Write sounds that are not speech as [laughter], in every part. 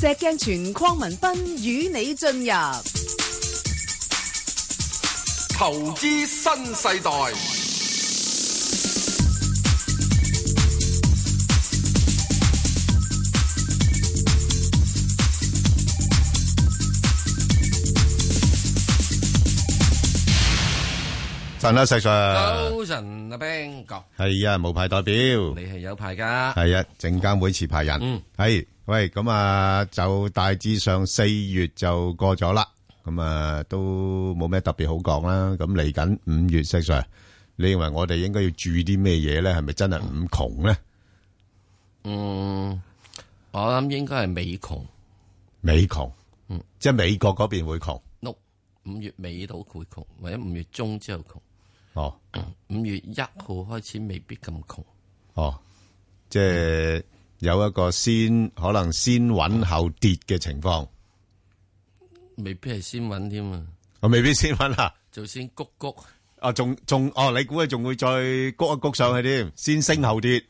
石鏡泉鄺文斌與你進入投資新世代。陳阿石上，係啊，無牌代表。你係有牌噶？係啊，證監會持牌人。係、嗯。喂，咁啊，就大致上四月就過咗啦，咁啊都冇咩特別好講啦。咁嚟緊五月，Sir，你認為我哋應該要注意啲咩嘢咧？係咪真係五窮咧？嗯，我諗應該係美窮，美窮、嗯，即係美國嗰邊會窮。六、no, 五月尾到會窮，或者五月中之後窮。哦，五、嗯、月一號開始未必咁窮。哦，即係。嗯有一個先可能先穩後跌嘅情況，未必係先穩添啊！我未必先穩啊，就先谷谷啊！仲仲哦，你估佢，仲會再谷一谷上去添，先升後跌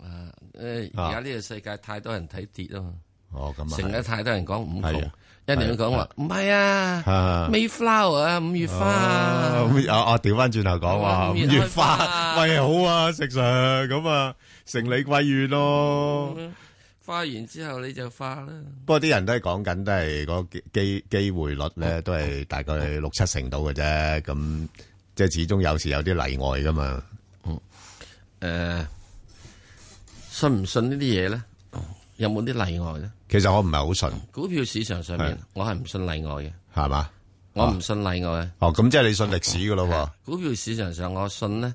啊！誒，而家呢個世界太多人睇跌啊嘛！哦，咁啊，成日太多人講五窮，一定要講話唔係啊！啊，May flower 啊，五月花啊！啊啊，調翻轉頭講話五月花，喂，好啊，食 Sir 咁啊！成李貴遠咯，花、嗯、完之後你就花啦。不過啲人都係講緊，都係個機機會率咧，都係大概六七成度嘅啫。咁即係始終有時有啲例外噶嘛。嗯，誒、呃，信唔信呢啲嘢咧？有冇啲例外咧？其實我唔係好信股票市場上面，我係唔信例外嘅。係嘛？我唔信例外。哦、咁、哦哦、即係你信歷史噶喇喎。股票市場上我信咧。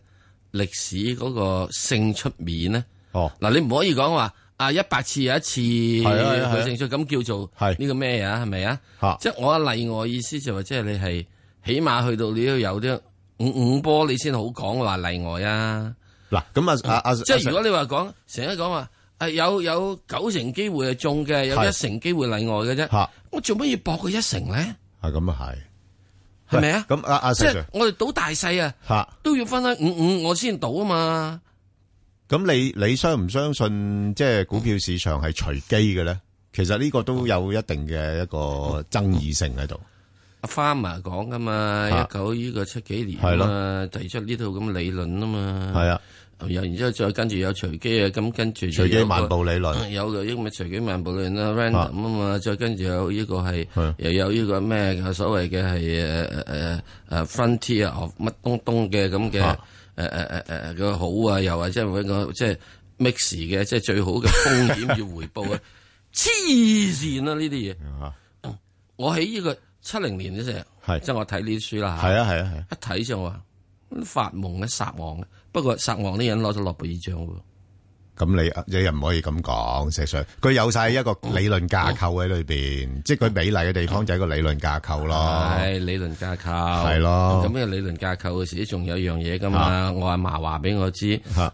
歷史嗰個勝出面咧，哦，嗱，你唔可以講話啊一百次有一次去勝出，咁叫做呢個咩啊？係咪啊？是啊是？即係我例外意思就係，即係你係起碼去到你都有啲五五波，你先好講話例外啊。嗱，咁啊，即係如果你話講成日講話，誒，有有九成機會係中嘅，有一成機會例外嘅啫。啊、我做乜要搏佢一成咧？係咁啊係。係咪啊？咁阿阿 Sir，即係我哋賭大細啊，都要分得五五，五我先賭啊嘛。咁你你相唔相信即係股票市場係隨機嘅咧？其實呢個都有一定嘅一個爭議性喺度。阿 Fama 講噶嘛，一九呢個七幾年係咯，提出呢套咁理論啊嘛。係啊。有，然之後再跟住有隨機，有隨機啊，咁跟住隨機漫步理論，有嘅，英文隨機漫步理論啦，random 啊嘛，再跟住有呢個係、啊，又有呢個咩嘅所謂嘅係誒誒誒誒 frontier of 乜東東嘅咁嘅誒誒誒誒個好啊，又或者係一個即係、就是、mix 嘅，即、就、係、是、最好嘅風險要回報 [laughs] 啊，黐線啦呢啲嘢，我喺呢個七零年嘅時候，即係、就是、我睇呢啲書啦，係啊係啊係、啊啊，一睇就話發夢嘅失望嘅。不過殺王啲人攞咗諾貝爾獎喎，咁你你又唔可以咁講。事實上，佢有晒一個理論架構喺裏邊，即係佢美麗嘅地方就係個理論架構咯。係理論架構，係咯。咁呢個理論架構嘅時，仲有一樣嘢噶嘛？我阿嫲話俾我知，啊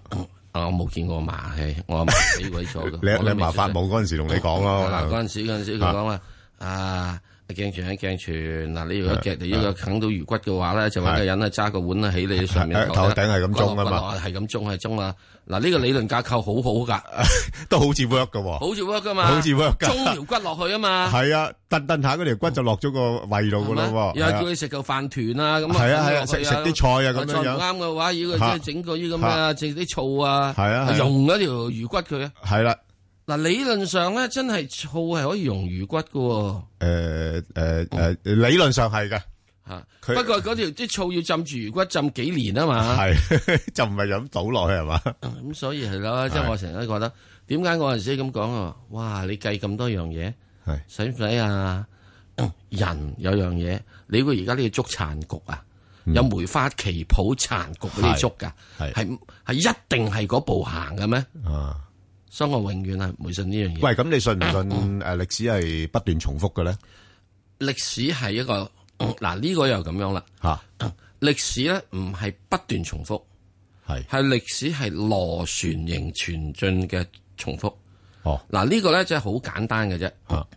我冇見過我阿嫲，我阿嫲死鬼坐嘅。你你阿嫲發夢嗰陣時同你講咯，嗱嗰陣時嗰陣時佢講啊啊。鏡全啊鏡全，嗱你如果夾你呢個啃到魚骨嘅話咧，就搵個人啊揸個碗啊喺你上面頭頂係咁中啊嘛骨下骨下，係咁中係，中啊，嗱呢個理論架構好好噶， [laughs] 都好似 work 噶，好似 work 噶嘛，好似 work 噶，中條骨落去啊嘛，係啊，蹬蹬下嗰條骨就落咗個胃度噶啦，有人叫你食個飯團啊咁，係啊係，食食啲菜啊咁樣，啱嘅話，如果即係整個呢咁樣整啲醋啊，係啊，溶咗條魚骨佢啊，係啦。嗱、呃呃，理論上咧，真係醋係可以溶魚骨噶喎。誒誒理論上係㗎，不過嗰條即 [laughs] 醋要浸住魚骨浸幾年啊嘛。係， [laughs] 就唔係飲倒落去係嘛。咁、啊、所以係咯，即係我成日覺得點解我嗰陣時咁講啊？哇，你計咁多樣嘢，使唔使啊、嗯？人有樣嘢，你估而家呢個竹殘局啊、嗯，有梅花旗袍殘局嗰啲竹㗎、啊，係一定係嗰步行嘅咩？啊！所以我永遠係唔會信呢樣嘢。喂，咁你信唔信誒歷史係不斷重複嘅咧、嗯嗯嗯？歷史係一個嗱呢、嗯這個又咁樣啦。嚇、啊嗯，歷史咧唔係不斷重複，係係歷史係螺旋形前進嘅重複。哦、嗱、這、呢個咧即係好簡單嘅啫。嚇、啊，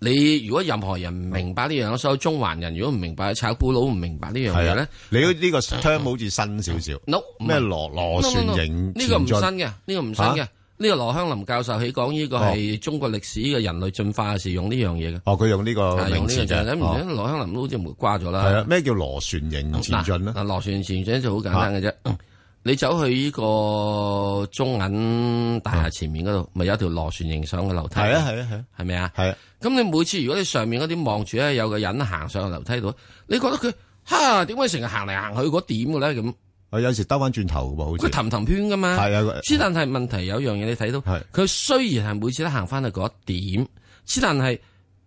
你如果任何人唔明白呢樣、啊、所有中環人如果唔明白，炒股佬唔明白呢樣嘢咧，你呢個 term 好似新少少、嗯嗯。no 咩螺螺旋形唔、no, no, no, 新嘅呢、這個唔新嘅。啊呢個羅香林教授喺講呢個係中國歷史嘅人類進化嘅時候用呢樣嘢嘅。哦，佢、哦、用呢個名詞就。咁羅、哦、香林都好似唔掛咗啦。係啊。咩叫螺旋形前進咧？嗱、啊，螺旋前進就好簡單嘅啫、啊嗯。你走去呢個中銀大廈前面嗰度，咪、嗯、有一條螺旋形上嘅樓梯？係啊，係啊，係。係咪啊？係啊。咁你每次如果你上面嗰啲望住咧，有個人行上個樓梯度，你覺得佢，哈、啊，走走點解成日行嚟行去嗰點嘅咧咁？有時兜翻轉頭好似，佢氹氹圈噶嘛，係啊。之但係問題有樣嘢你睇到，係佢、啊、雖然係每次都行翻去嗰點，之、啊、但係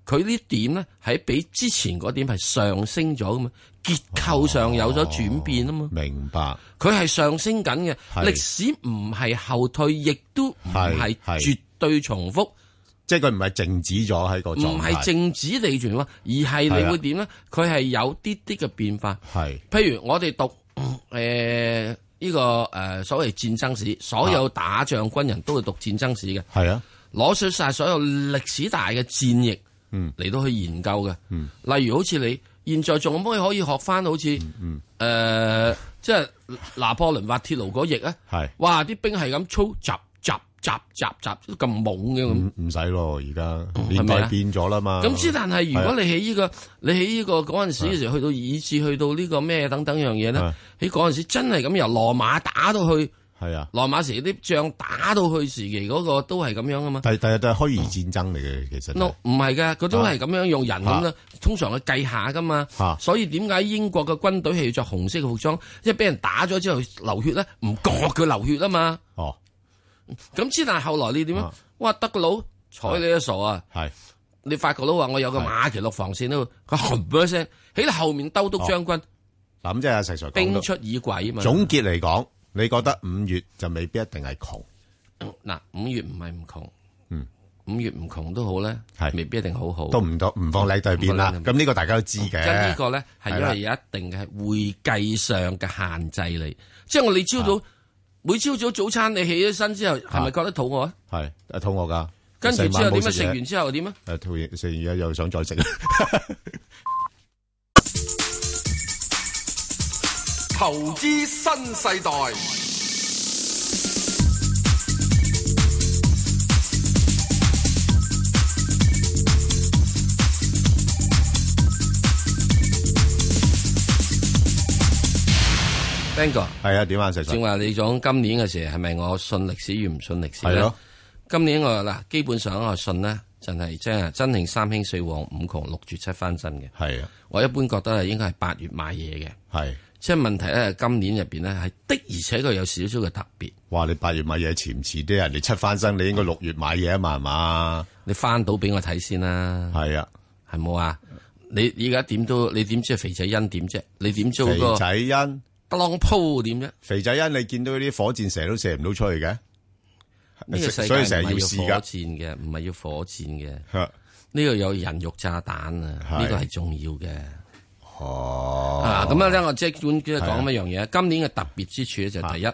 佢呢點咧喺比之前嗰點係上升咗㗎嘛，結構上有咗轉變啊嘛、哦哦。明白，佢係上升緊嘅。歷史，唔係後退，亦都唔係絕對重複，即係佢唔係靜止咗喺個唔係靜止地轉咯，而係你會點咧？佢係、啊、有啲啲嘅變化，係譬如我哋讀。誒、呃、呢、這個誒、呃、所謂戰爭史，所有打仗軍人都會讀戰爭史嘅，係啊，攞出晒所有歷史大嘅戰役嚟到去研究嘅、嗯嗯，例如好似你，現在仲可唔可以可以學翻好似誒，即係拿破侖滑鐵盧嗰役啊，係，哇，啲兵係咁操集。雜雜雜咁懵嘅咁，唔使咯，而家年代變咗啦嘛。咁之但係如果你喺呢、這個、啊、你喺呢、這個嗰陣時嘅時候、啊、去到以至去到呢個咩等等、啊、起樣嘢呢喺嗰陣時真係咁由羅馬打到去係啊。羅馬時啲仗打到去時期嗰個都係咁樣啊嘛。但係但係但係虛擬戰爭嚟嘅其實。唔係噶，佢都係咁樣、啊、用人咁啦、啊，通常去計下噶嘛、啊。所以點解英國嘅軍隊係要着紅色嘅服裝、啊？因為俾人打咗之後流血呢，唔覺佢流血啊嘛。啊。咁知但後來你點樣？哇，德佬睬你都傻啊！係你法國佬話我有個馬其諾防線咧，佢嘭一聲喺後面兜篤將軍。嗱，咁即係阿細傻兵出以鬼啊嘛！總結嚟講，你覺得五月就未必一定係窮。嗱，五月唔係唔窮，嗯，五月唔窮都好咧，係未必一定好好。都唔多唔放你對面啦。咁呢個，個大家都知嘅。因呢個咧係因為有一定嘅係會計上嘅限制嚟，即係我哋招到。每朝早早餐你起咗身之後，係咪、啊、覺得肚餓啊？係，肚餓噶。跟住之後點啊？食完之後又點啊？誒，食完食完而家又想再食。 [laughs] 投資新世代。係啊？點啊？正話你講今年嘅時，係咪我信歷史與唔信歷史係咯，今年係係我嗱、啊、基本上我信咧，就係、真係即係真係三興四旺五窮六絕七翻身嘅。係啊，我一般覺得係應該係八月買嘢嘅。係、啊、即係問題咧，今年入邊咧係的而且確有少少嘅特別。哇！你八月買嘢前遲啲啊，人哋七翻身你應該六月買嘢啊嘛，係嘛？你翻到俾我睇先啦。係啊，係冇啊？你依家點都你點知肥仔恩點啫？你點知、嗰個肥仔恩？特朗普，點啫？肥仔欣，你見到啲火箭射都射唔到出去嘅，這個，所以成日要試嘅，唔係要火箭嘅。呢 [laughs] 度有人肉炸彈 [laughs] 啊！呢個係重要嘅。咁啊，呢、啊，啊、我即管講一樣嘢。今年嘅特別之處咧就係第一，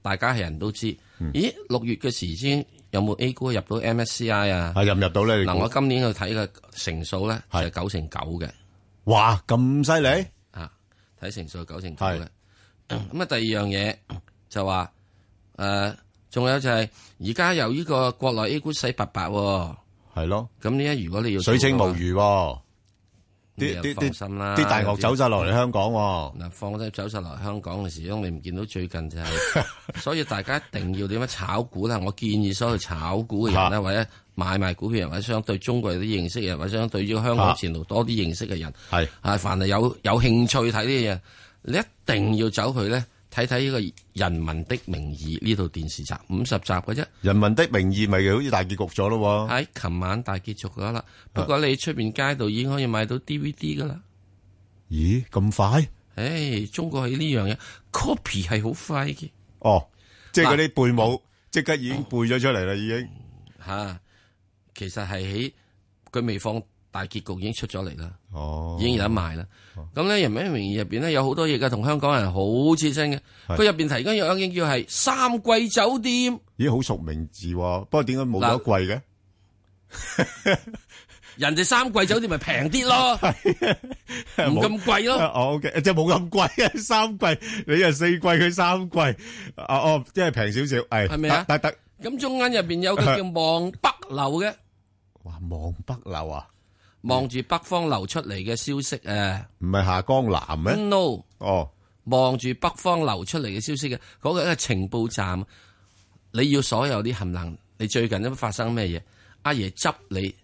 大家係人都知，嗯。咦，六月嘅時先有冇 A 股入到 MSCI 啊？係入唔入到咧？嗱，我今年去睇嘅成數咧係九成九嘅。哇，咁犀利啊！睇成數九成九嘅。咁啊，第二樣嘢就話誒，仲、呃、有就係而家由呢個國內 A 股洗白白、哦，係咯。咁呢一如果你要、那個、水清無魚、哦，啲啲啲放心啦。啲大學走晒落嚟香港、哦，嗱放低走晒落香港嘅時候，你唔見到最近就係、是。 [laughs] 所以大家一定要點樣炒股啦？我建議所有炒股嘅人咧， [laughs] 或者買賣股票人，或者想對中國有啲認識嘅人，或者想對呢個香港前途多啲認識嘅人，係 [laughs] 啊，凡係有有興趣睇呢嘢。你一定要走去咧睇睇呢個《人民的名義》呢度電視集，五十集嘅啫，《人民的名義》咪好似大結局咗咯喎？喺、哎、琴晚大結局咗啦，不過你出邊街度已經可以買到 DVD 噶啦、啊。咦？咁快？誒、哎，中國喺呢樣嘢 copy 係好快嘅。哦，即係嗰啲背母、啊，即刻已經背咗出嚟啦，已經吓、啊。其實係喺佢未放。大結局已經出咗嚟啦，已經有得賣啦。咁、哦、咧《人民的名義》入面咧有好多嘢嘅，同香港人好切身嘅。佢入面提緊有一件叫係三季酒店，咦好熟名字喎。不過點解冇咗貴嘅？ [laughs] 人哋三季酒店咪平啲咯，唔 [laughs] 咁貴咯。哦即係冇咁貴啊。Okay，貴三季，你又四季，佢三季，哦，哦，即係平少少，係、哎。咪啊？得得。咁中間入面有個叫望北樓嘅。哇望北樓啊？望住北方流出嚟嘅消息啊！唔係下江南咩？No，哦，望住北方流出嚟嘅消息嘅嗰個一個情報站，你要所有啲冚唪唥，你最近都發生咩嘢？阿爺執你，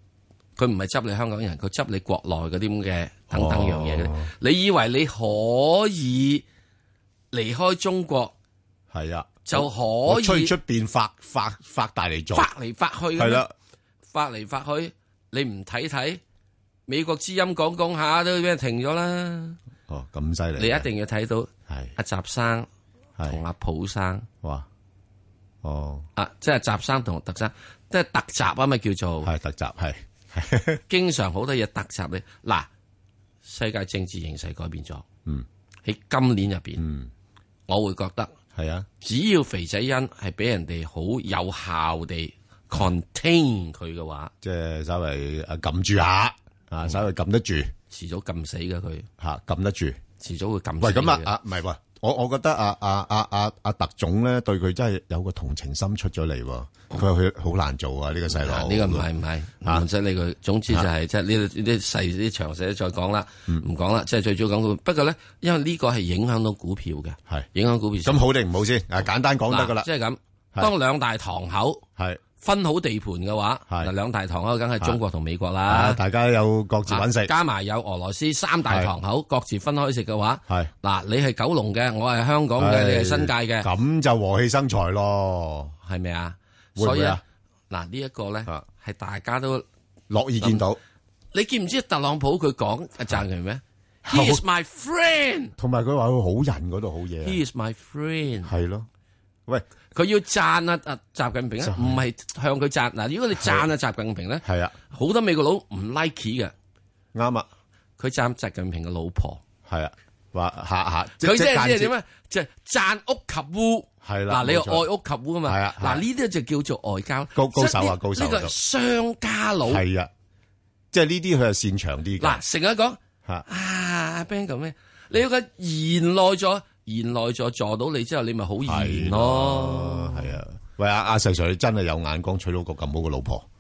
佢唔係執你香港人，佢執你國內嗰啲咁嘅等等樣嘢、哦。你以為你可以離開中國？係啊，就可以出出邊發發發大嚟做發嚟發去嘅啦、啊，發嚟發去，你唔睇睇？美國之音講講下都俾人停咗啦。哦，咁犀利！你一定要睇到係阿習生同阿普生。哇，哦啊，即係習生同特生，即係特習啊！咪叫做係特習係。是 [laughs] 經常好多嘢特習咧。嗱、啊，世界政治形勢改變咗。嗯，喺今年入面，嗯，我會覺得係啊。只要肥仔恩係俾人哋好有效地 contain 佢嘅話，即係稍微啊撳住下。啊，稍微撳得住，遲早撳死噶佢吓，撳得住，遲早會撳。喂，咁啊，啊，唔係喎，我我覺得阿阿阿阿阿特總咧對佢真係有個同情心出咗嚟，佢話佢好難做啊呢個細路。呢個唔係唔係，唔使理佢。總之就係即係呢啲細啲詳細再講啦，唔講啦，即係最早講股。不過咧，因為呢個係影響到股票嘅，係影響股票。咁好定唔好先？啊，簡單講得噶啦，即係咁，當兩大堂口係。分好地盤嘅話，嗱兩大堂口梗係中國同美國啦，大家有各自揾食，加埋有俄羅斯三大堂口，各自分開食嘅話，係嗱你係九龍嘅，我係香港嘅，你係新界嘅，咁就和氣生財咯，係咪啊？所以啊嗱呢一個咧，係大家都樂意見到。你見唔知特朗普佢講係讚揚咩？He is my friend，同埋佢話佢好人嗰度好嘢。He is my friend，係咯，喂。佢要讚啊啊習近平啊，唔、就、係、是、向佢讚。嗱，如果你讚啊習近平咧，係啊，好多美國佬唔 like 嘅。啱啊，佢讚習近平嘅老婆。係啊，話吓吓。佢即係即係點咧？就讚、是就是、屋及烏。係啦，嗱，你又愛屋及烏啊嘛。係啊，嗱、啊，呢啲就叫做外交高高手啊，高手、啊。呢、這個商家佬。係啊，即係呢啲佢係擅長啲。嗱，成日講啊，阿 Ben 咁嘅，啊啊、Banger，你個言內咗。原來就助到你之後，你咪好易咯，係啊！喂，阿阿 Sir，你真係有眼光，娶到個咁好嘅老婆，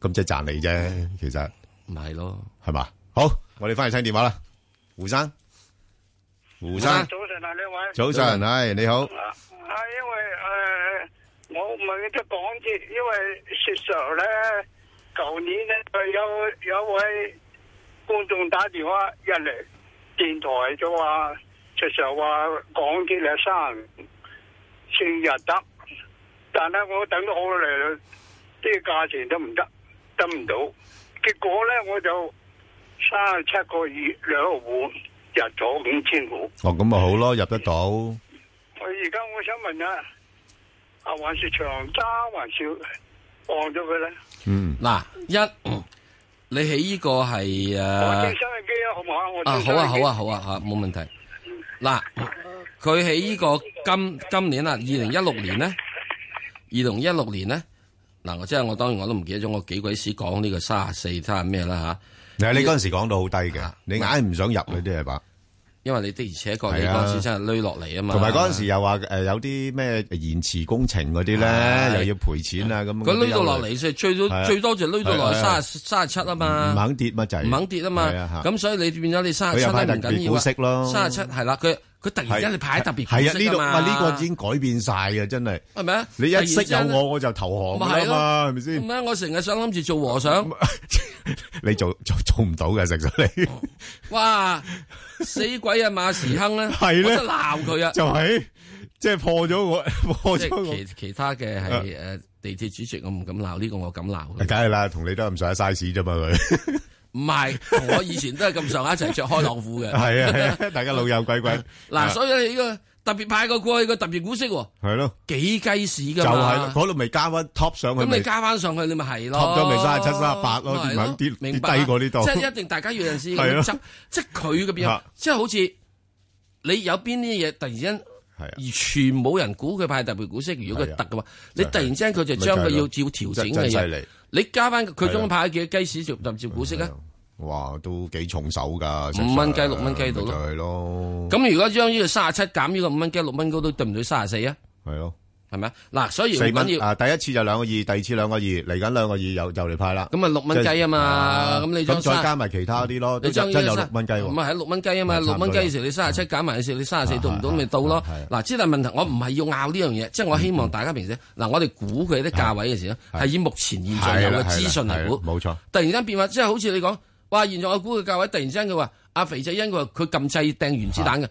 咁即係讚你啫，其實唔係咯，係嘛？好，我哋翻去聽電話啦，胡生，胡生，早晨啊，呢位，早晨，係你好。啊，因為誒，我唔係記得講住，因為薛 Sir 咧，舊年咧佢有有位觀眾打電話入嚟電台就話。其實話講啲咧，三四日得，但咧我等咗好耐，啲價錢都唔得，得唔到。結果咧我就三十七個月兩戶入咗五千股。哦，咁咪好咯，入得到。嗯、我而家我想問啊，阿還是長揸還是放咗佢咧？嗯，嗱一，你起呢個係誒、呃？我整收音機啦，好唔好？我整收音機啊，好啊，好啊，好啊，吓、啊，冇問題。嗱、啊，佢喺呢個今今年 ,2016 年 ,2016 年啊，二零一六年咧，二零一六年咧，嗱我即係我當然我都唔記得咗我幾鬼屎講呢個卅四，即係咩啦吓，你你陣時講到好低嘅、啊，你硬係唔想入嗰啲係吧？因為你的而且確，你嗰陣時真係攞落嚟啊嘛。同埋嗰陣時又話，誒，有啲咩延遲工程嗰啲咧，又要賠錢啊咁。佢攞到落嚟就最最多最多就攞到落三十三十七啊嘛。唔肯跌咪就唔肯跌啊嘛。咁所以你變咗你三十七係唔緊要啊。三十七係啦，佢。佢突然間係排得特別好食啊嘛！呢個已經改變曬啊，真係。係咪啊？你一識有我，我就投降啦嘛，係咪先？唔係，我成日想諗住做和尚。你做做做唔到嘅，食咗你。哇！死鬼啊，馬時亨咧，我得鬧佢啊！就係即係破咗我破咗我其其他嘅係誒地鐵主席，我唔敢鬧呢個，我敢鬧。梗係啦，同你都係咁上下 size 啫嘛佢。唔係，我以前都係咁上下一齊着開浪褲嘅。係 [laughs] 啊，大家老友鬼鬼。嗱， [laughs] 所以呢個特別派個過去個特別股息喎。係咯。幾雞屎㗎？就係嗰度未加翻 top 上去。咁你加翻上去，你咪係咯。跌咗咪三十七三十八咯，跌猛啲低過呢度。即係一定大家要認真去執。即係佢嘅變即係好似你有邊啲嘢突然之間，而全冇人估佢派特別股息。如果佢得嘅話，你突然之間佢就將佢要照調整嘅嘢。你加翻佢中派幾多雞屎就唔接股息咧？哇，都幾重手噶，五蚊雞六蚊雞度咯，咁如果將呢個卅七減呢度五蚊雞六蚊高都對唔對卅四啊？係咯。係咪？嗱，所以啊，第一次就兩個二，第二次兩個二，嚟緊兩個二又又嚟派啦。咁啊六蚊雞啊嘛，咁、就是啊、你 3,、啊、再加埋其他啲咯。你再有六蚊雞喎？唔係喺六蚊雞啊嘛，六蚊雞嘅、啊啊、時候你三十七減埋嘅時候你三十四到唔到咪到咯？嗱，之但問題我唔係要拗呢樣嘢，即係我希望大家平時。嗱，我哋估佢啲價位嘅時候，係以目前現在有嘅資訊嚟估，冇錯。突然間變化，即係好似你講，哇！現在我估嘅價位突然之間佢話，阿、啊、肥仔因佢話佢撳掣掟原子彈嘅。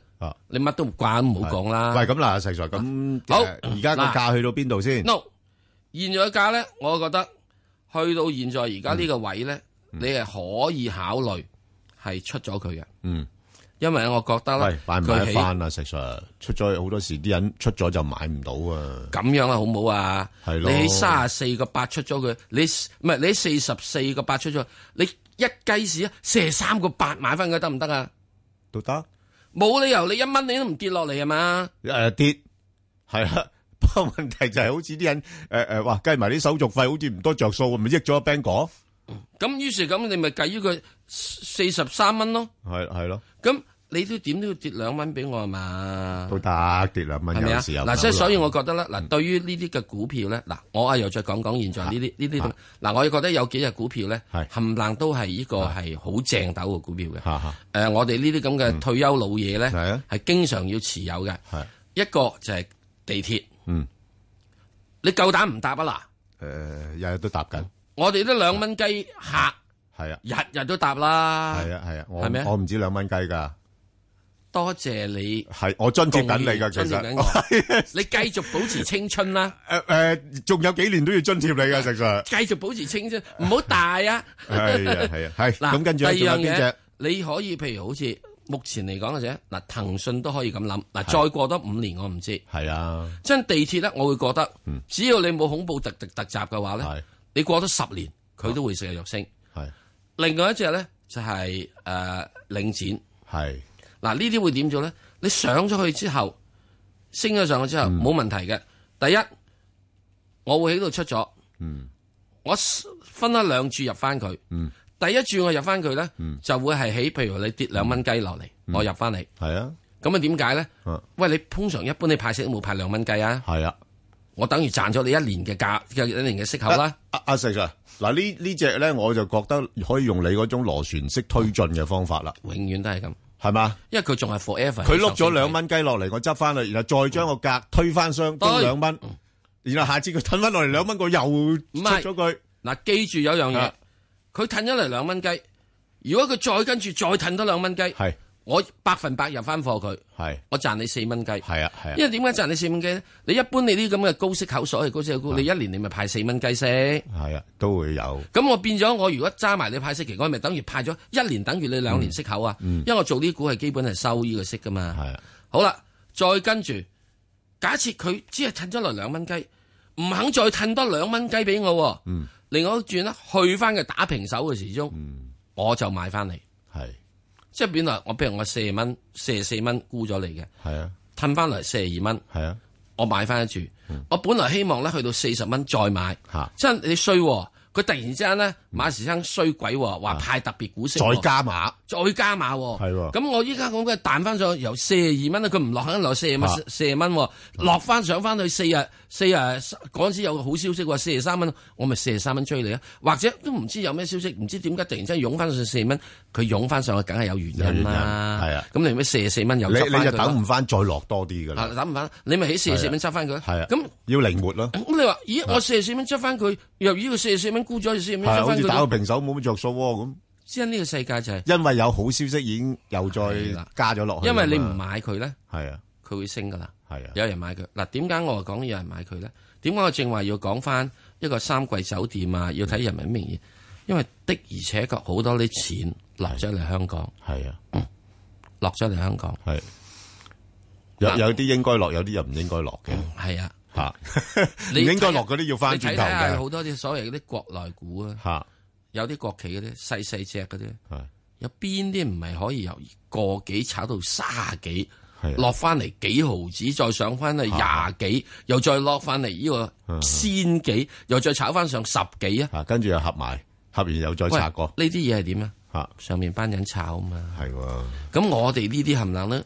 你乜都唔關，唔好講啦。喂，係咁嗱，石 Sir 咁、啊、好，而家個價去到邊度先？No，現在價咧，我覺得去到現在而家呢個位咧、嗯，你係可以考慮係出咗佢嘅。嗯，因為我覺得咧，買唔翻啊，石 Sir 出咗好多時，啲人出咗就買唔到啊。咁樣啊，好唔好啊？係咯，你三啊四個八出咗佢，你唔係你四十四個八出咗，你一計時四十三個八買翻佢得唔得啊？都得。冇理由你一蚊你都唔跌落嚟啊嘛，誒跌係啦，不過問題就係、是、好似啲人誒誒話計埋啲手續費，好似唔多着數，咪益咗個 bank 果，咁於是咁你咪計於佢四十三蚊咯，係係咯，咁。嗯你都點都要跌兩蚊俾我啊嘛，都得跌兩蚊有時候。嗱、啊，即係所以，我覺得咧嗱，嗯、對於呢啲嘅股票咧嗱、啊，我啊又再講講現在呢啲呢啲嗱，我覺得有幾隻股票咧，冚、啊、唪唥都係呢個係好正斗嘅股票嘅、啊啊啊。我哋呢啲咁嘅退休老嘢咧，係、嗯啊、經常要持有嘅。啊、一個就係地鐵。嗯，你夠膽唔搭啊？嗱，誒，日日都搭緊。我哋都兩蚊雞客，啊，日日都搭啦。係啊，啊，啊，我我唔止兩蚊雞㗎。多謝你，係我津貼緊你噶，其實你繼 [laughs] 續保持青春啦。誒 [laughs] 誒、呃，仲、呃、有幾年都要津貼你噶，其實。繼續保持青春，唔 [laughs] 好大啊！係啊係啊，係。嗱，咁跟住仲有邊隻？你可以譬如好似目前嚟講嘅啫，嗱，騰訊都可以咁諗。嗱，再過多五年我唔知。係啊，真地鐵咧，我會覺得，嗯、只要你冇恐怖突突襲嘅話咧，你過咗十年，佢都會成日弱升。係、哦，另外一隻咧就係、是、誒、呃、領展係。是嗱，呢啲會點做咧？你上咗去之後，升咗上去之後冇問題嘅。嗯、第一，我會喺度出咗，嗯、我分咗兩注入翻佢。嗯、第一注我入翻佢咧，嗯、就會係喺譬如你跌兩蚊雞落嚟，嗯、我入翻你係啊。咁啊？點解咧？喂，你通常一般你派息都冇派兩蚊雞啊？係啊，我等於賺咗你一年嘅價，一年嘅息口啦、啊。啊、啊、細 Sir，嗱，啊、呢隻呢呢隻咧，我就覺得可以用你嗰種螺旋式推進嘅方法啦。永遠都係咁。係嘛？因為佢仲係 forever，佢碌咗兩蚊雞落嚟，我執翻佢，然後再將個格推翻雙，得兩蚊，嗯、然後下次佢褪翻落嚟兩蚊，佢又出咗佢。嗱是，它記住有樣嘢，佢褪咗嚟兩蚊雞，如果佢再跟住再褪多兩蚊雞，係。我百分百入翻貨佢，我賺你四蚊雞。係啊，係啊，因為點解賺你四蚊雞咧？你一般你啲咁嘅高息口所謂高息股，啊，你一年你咪派四蚊雞息。係啊，都會有。咁我變咗，我如果揸埋你派息期，我咪等於派咗一年，等於你兩年息口啊，嗯嗯。因為我做呢啲股係基本係收呢個息噶嘛。係啊。好啦，再跟住，假設佢只係褪咗落兩蚊雞，唔肯再褪多兩蚊雞俾我。嗯。另外轉啦，去翻佢打平手嘅時鐘，嗯，我就買翻嚟。即係本來我譬如我四十蚊，四十四蚊沽咗你嘅，係啊，褪翻嚟四十二蚊，係啊，我買翻一注。嗯、我本來希望咧去到四十蚊再買，吓、啊，即係你衰、啊，佢突然之間咧馬時生衰鬼、啊，話派特別股息，啊、再加碼。再加碼喎，咁我依家咁嘅彈翻上去，由四廿二蚊咧，佢唔、啊、落，肯落四廿蚊，四廿蚊落翻上翻去四廿四廿，嗰陣時有個好消息喎，四廿三蚊，我咪四廿三蚊追你啊，或者都唔知有咩消息，唔知點解突然之間湧翻上四廿蚊，佢湧翻上去梗係有原因啦，係啊，咁你咪四廿四蚊又執翻佢，你就等唔翻，再落多啲嘅，啊，等唔翻，你咪喺四廿四蚊執翻佢，咁要靈活咯，咁你話，咦，我四廿四蚊執翻佢，又要四廿四蚊沽咗，四廿四蚊執翻佢，好似打個平手冇乜著數咁、啊。因、這、呢個世界就係、是、因為有好消息已經又再加咗落去，因為你唔買佢咧，係啊，佢會升噶啦，係啊，有人買佢嗱。點解我講有人買佢咧？點解我正話要講翻一個三季酒店啊？要睇人民名義，因為的而且確好多啲錢落咗嚟香港，係啊，嗯、落咗嚟香港，係、啊、有有啲應該落，有啲又唔應該落嘅，係啊，吓，唔應該落嗰啲要翻轉頭嘅，好多啲所謂啲國內股啊。 [laughs] 有啲國企嗰啲細細隻嗰啲，有邊啲唔係可以由個幾炒到卅幾，落翻嚟幾毫子，再上翻嚟廿幾，又再落翻嚟呢個先幾，又再炒翻上十幾啊？跟住又合埋，合完又再拆過。呢啲嘢係點啊？嚇！上面班人炒啊嘛。係喎。咁我哋呢啲冚唪唥都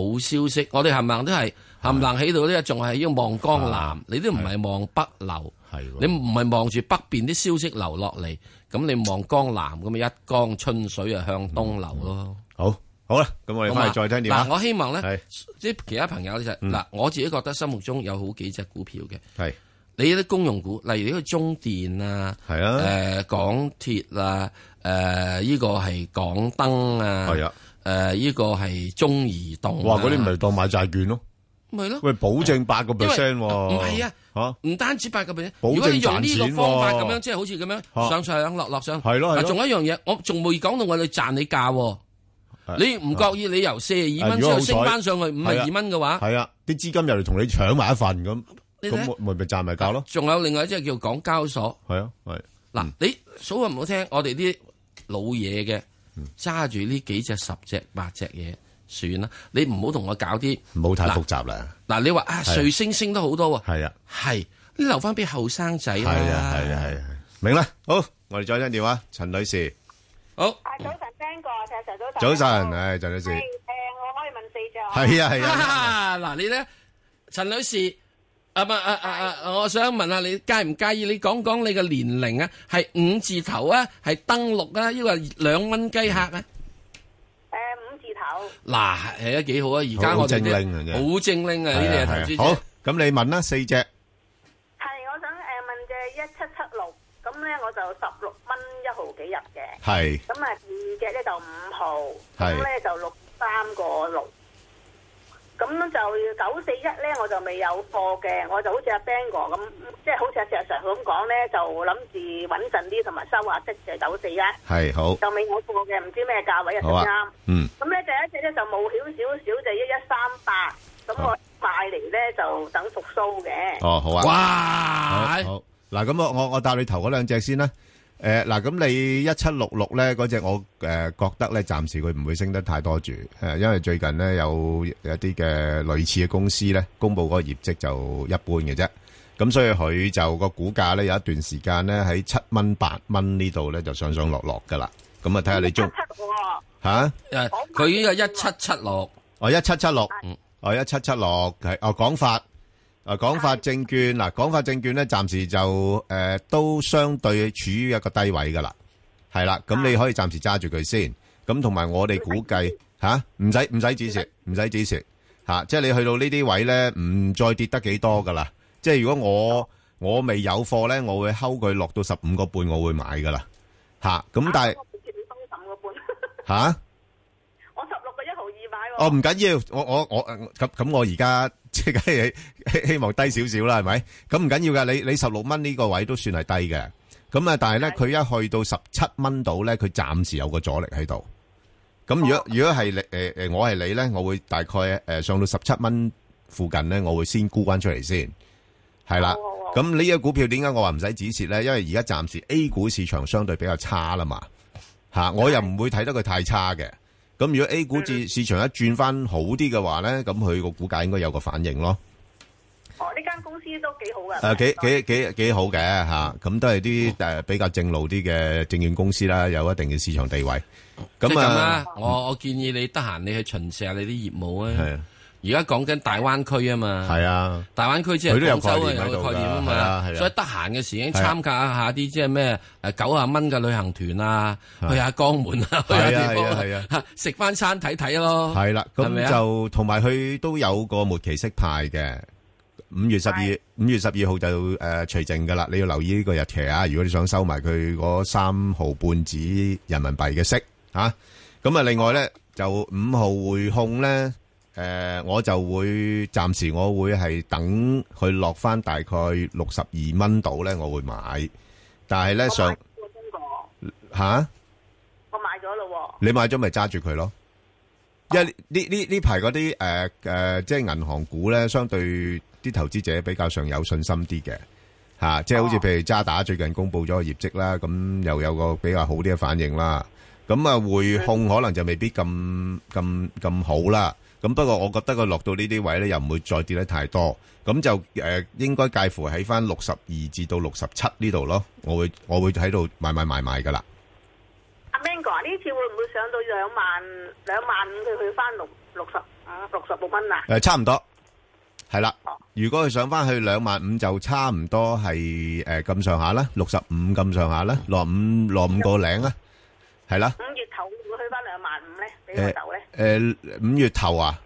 冇消息，我哋冚唪唥都係冚唪唥喺度咧，仲係要望江南，你都唔係望北流。係喎。你唔係望住北邊啲消息流落嚟。咁你望江南咁咪一江春水啊向東流咯，嗯嗯。好，好啦，咁我哋咪再聽點啊。嗱，我希望咧，即係其他朋友呢，就嗱，我自己覺得心目中有好幾隻股票嘅。係，你啲公用股，例如你去中電啊，係啊，誒、呃，港鐵啊，誒、呃，呢、這個係港燈啊，係啊，誒、呃，這個係中移動，啊。哇，嗰啲咪當買債券咯，啊。咪咯，喂，保證八個 percent 喎，唔係啊，嚇，唔單止八個 percent，如果用呢個方法咁樣，即係好似咁樣上上上落落上，係咯係咯。仲有一樣嘢，我仲未講到我哋賺你價，你唔覺意你由四廿二蚊之後升翻上去五廿二蚊嘅話，係啊，啲資金入嚟同你搶埋一份咁，咁咪咪賺埋價咯。仲有另外一隻叫港交所，係啊，係嗱，你數下唔好聽，我哋啲老嘢嘅揸住呢幾隻十隻八隻嘢。算啦，啦，你唔好同我搞啲，唔好太複雜啦。嗱，你話啊，瑞星星都好多喎，係啊，係、啊，你留翻俾後生仔啦。係啊，係啊，係、啊啊，明啦。好，我哋再聽電話，陳女士，好。啊，早晨，聽過，陳早晨。早晨，唉，陳女士、呃。我可以問四隻。係啊，係啊。嗱、啊啊啊啊啊，你咧，陳女士，啊啊啊啊，我想問下你介唔介意？你講講你嘅年齡啊，係五字頭啊，係登陸啊，呢個係兩蚊雞客啊。字頭嗱，係啊，幾好啊，而家我好精靈啊，真係好，咁你問啦，四隻係我想誒問嘅，一七七六，咁咧我就十六蚊一毫幾入嘅，係，咁啊二隻咧就五號，咁咧就六三個六。咁就九四一咧，我就未有貨嘅，我就好似阿 Bang 哥咁，即係好似阿 Sir Sir 咁講咧，就諗住穩陣啲同埋收下息嘅九四一。係好。就未有貨嘅，唔知咩價位入得啱。嗯。咁咧第一隻咧就冒險少少少就一一三八，咁我買嚟咧就等復蘇嘅。哦，好啊。哇！好，嗱，咁啊，我我帶你投嗰兩隻先啦。誒、呃，嗱，咁你一七六六咧嗰隻，我、呃、誒覺得咧，暫時佢唔會升得太多住，誒，因為最近咧有有啲嘅類似嘅公司咧，公布嗰個業績就一般嘅啫，咁所以佢就個股價咧有一段時間咧喺七蚊八蚊呢度咧就上上落落噶啦，咁啊睇下你中吓，誒、啊，佢、啊、依個一七七六，哦一七七六，嗯，哦一七七六係，哦廣發。啊，廣發證券嗱，廣發證券咧，暫時就誒都相對處於一個低位噶啦，係啦，咁你可以暫時揸住佢先，咁同埋我哋估計吓，唔使唔使止蝕，唔使止蝕吓，即係你去到呢啲位咧，唔再跌得幾多噶啦，即係如果我我未有貨咧，我會 hold 佢落到十五個半，我會買噶啦，吓，咁但係吓，我十六個一毫二買喎，哦唔緊要，我我我咁咁我而家。即係 [laughs] 希望低少少啦，係咪？咁唔緊要噶，你你十六蚊呢個位都算係低嘅。咁啊，但係咧，佢一去到十七蚊度咧，佢暫時有個阻力喺度。咁如果如果係你誒誒，我係你咧，我會大概誒、呃、上到十七蚊附近咧，我會先沽翻出嚟先。係啦，咁呢個股票點解我話唔使止蝕咧？因為而家暫時 A 股市場相對比較差啦嘛，吓的我又唔會睇得佢太差嘅。咁如果 A 股市市場一轉翻好啲嘅話咧，咁佢個股價應該有個反應咯。哦，呢間公司都幾好噶。誒，幾幾幾幾好嘅吓，咁都係啲誒比較正路啲嘅證券公司啦，有一定嘅市場地位。咁啊，我我建議你得閒你去巡視下你啲業務啊。係啊。而家講緊大灣區啊嘛，係啊，大灣區即係廣州嘅概念啊嘛，所以得閒嘅時已經參加一下啲即係咩誒九啊蚊嘅旅行團啊，去下江門啊，去下地方食返餐睇睇咯，係啦，咁就同埋佢都有個末期息派嘅，五月十二五月十二號就誒除淨㗎啦，你要留意呢個日期啊，如果你想收埋佢嗰三毫半紙人民幣嘅息啊，咁啊另外咧就五號匯控咧。誒、呃，我就會暫時我會係等佢落翻大概六十二蚊度咧，我會買。但係咧上吓，我買咗咯、啊哦。你買咗咪揸住佢咯？Oh. 因為呢呢呢排嗰啲誒誒，即係銀行股咧，相對啲投資者比較上有信心啲嘅，吓，即係好似譬如渣打最近公布咗個業績啦，咁又有個比較好啲嘅反應啦。咁啊，匯控可能就未必咁咁咁好啦。咁不過我覺得佢落到呢啲位咧，又唔會再跌得太多，咁就誒應該介乎喺翻六十二至到六十七呢度咯。我會我會喺度買買買買噶啦。阿 Ming 哥，呢次會唔會上到兩萬兩萬五佢去翻六六十五六十五蚊啊？誒，差唔多，係啦。如果佢上翻去兩萬五，就差唔多係誒咁上下啦，六十五咁上下啦，落五落五個零啊，係啦。五月頭。誒、呃，誒、呃，五月頭啊，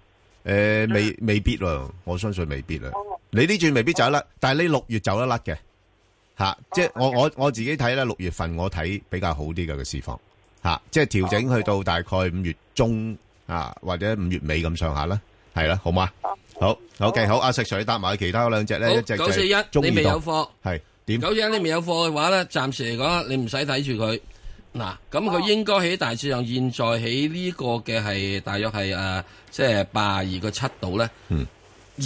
誒、呃，未未必啦，我相信未必啦。你呢隻未必走甩，但係你六月走得甩嘅，吓、啊，即係我我我自己睇咧，六月份我睇比較好啲嘅個市況，吓、啊，即係調整去到大概五月中啊，或者五月尾咁上下啦，係、啊、啦，好嘛？好，OK 好。阿石水搭答埋其他兩隻咧，一隻九四一，941, 你未有貨？係點？九四一你未有貨嘅話咧，暫時嚟講你唔使睇住佢。嗱、啊，咁佢應該喺大致上，現在喺呢個嘅係大約係誒，即係八廿二個七度咧。嗯，有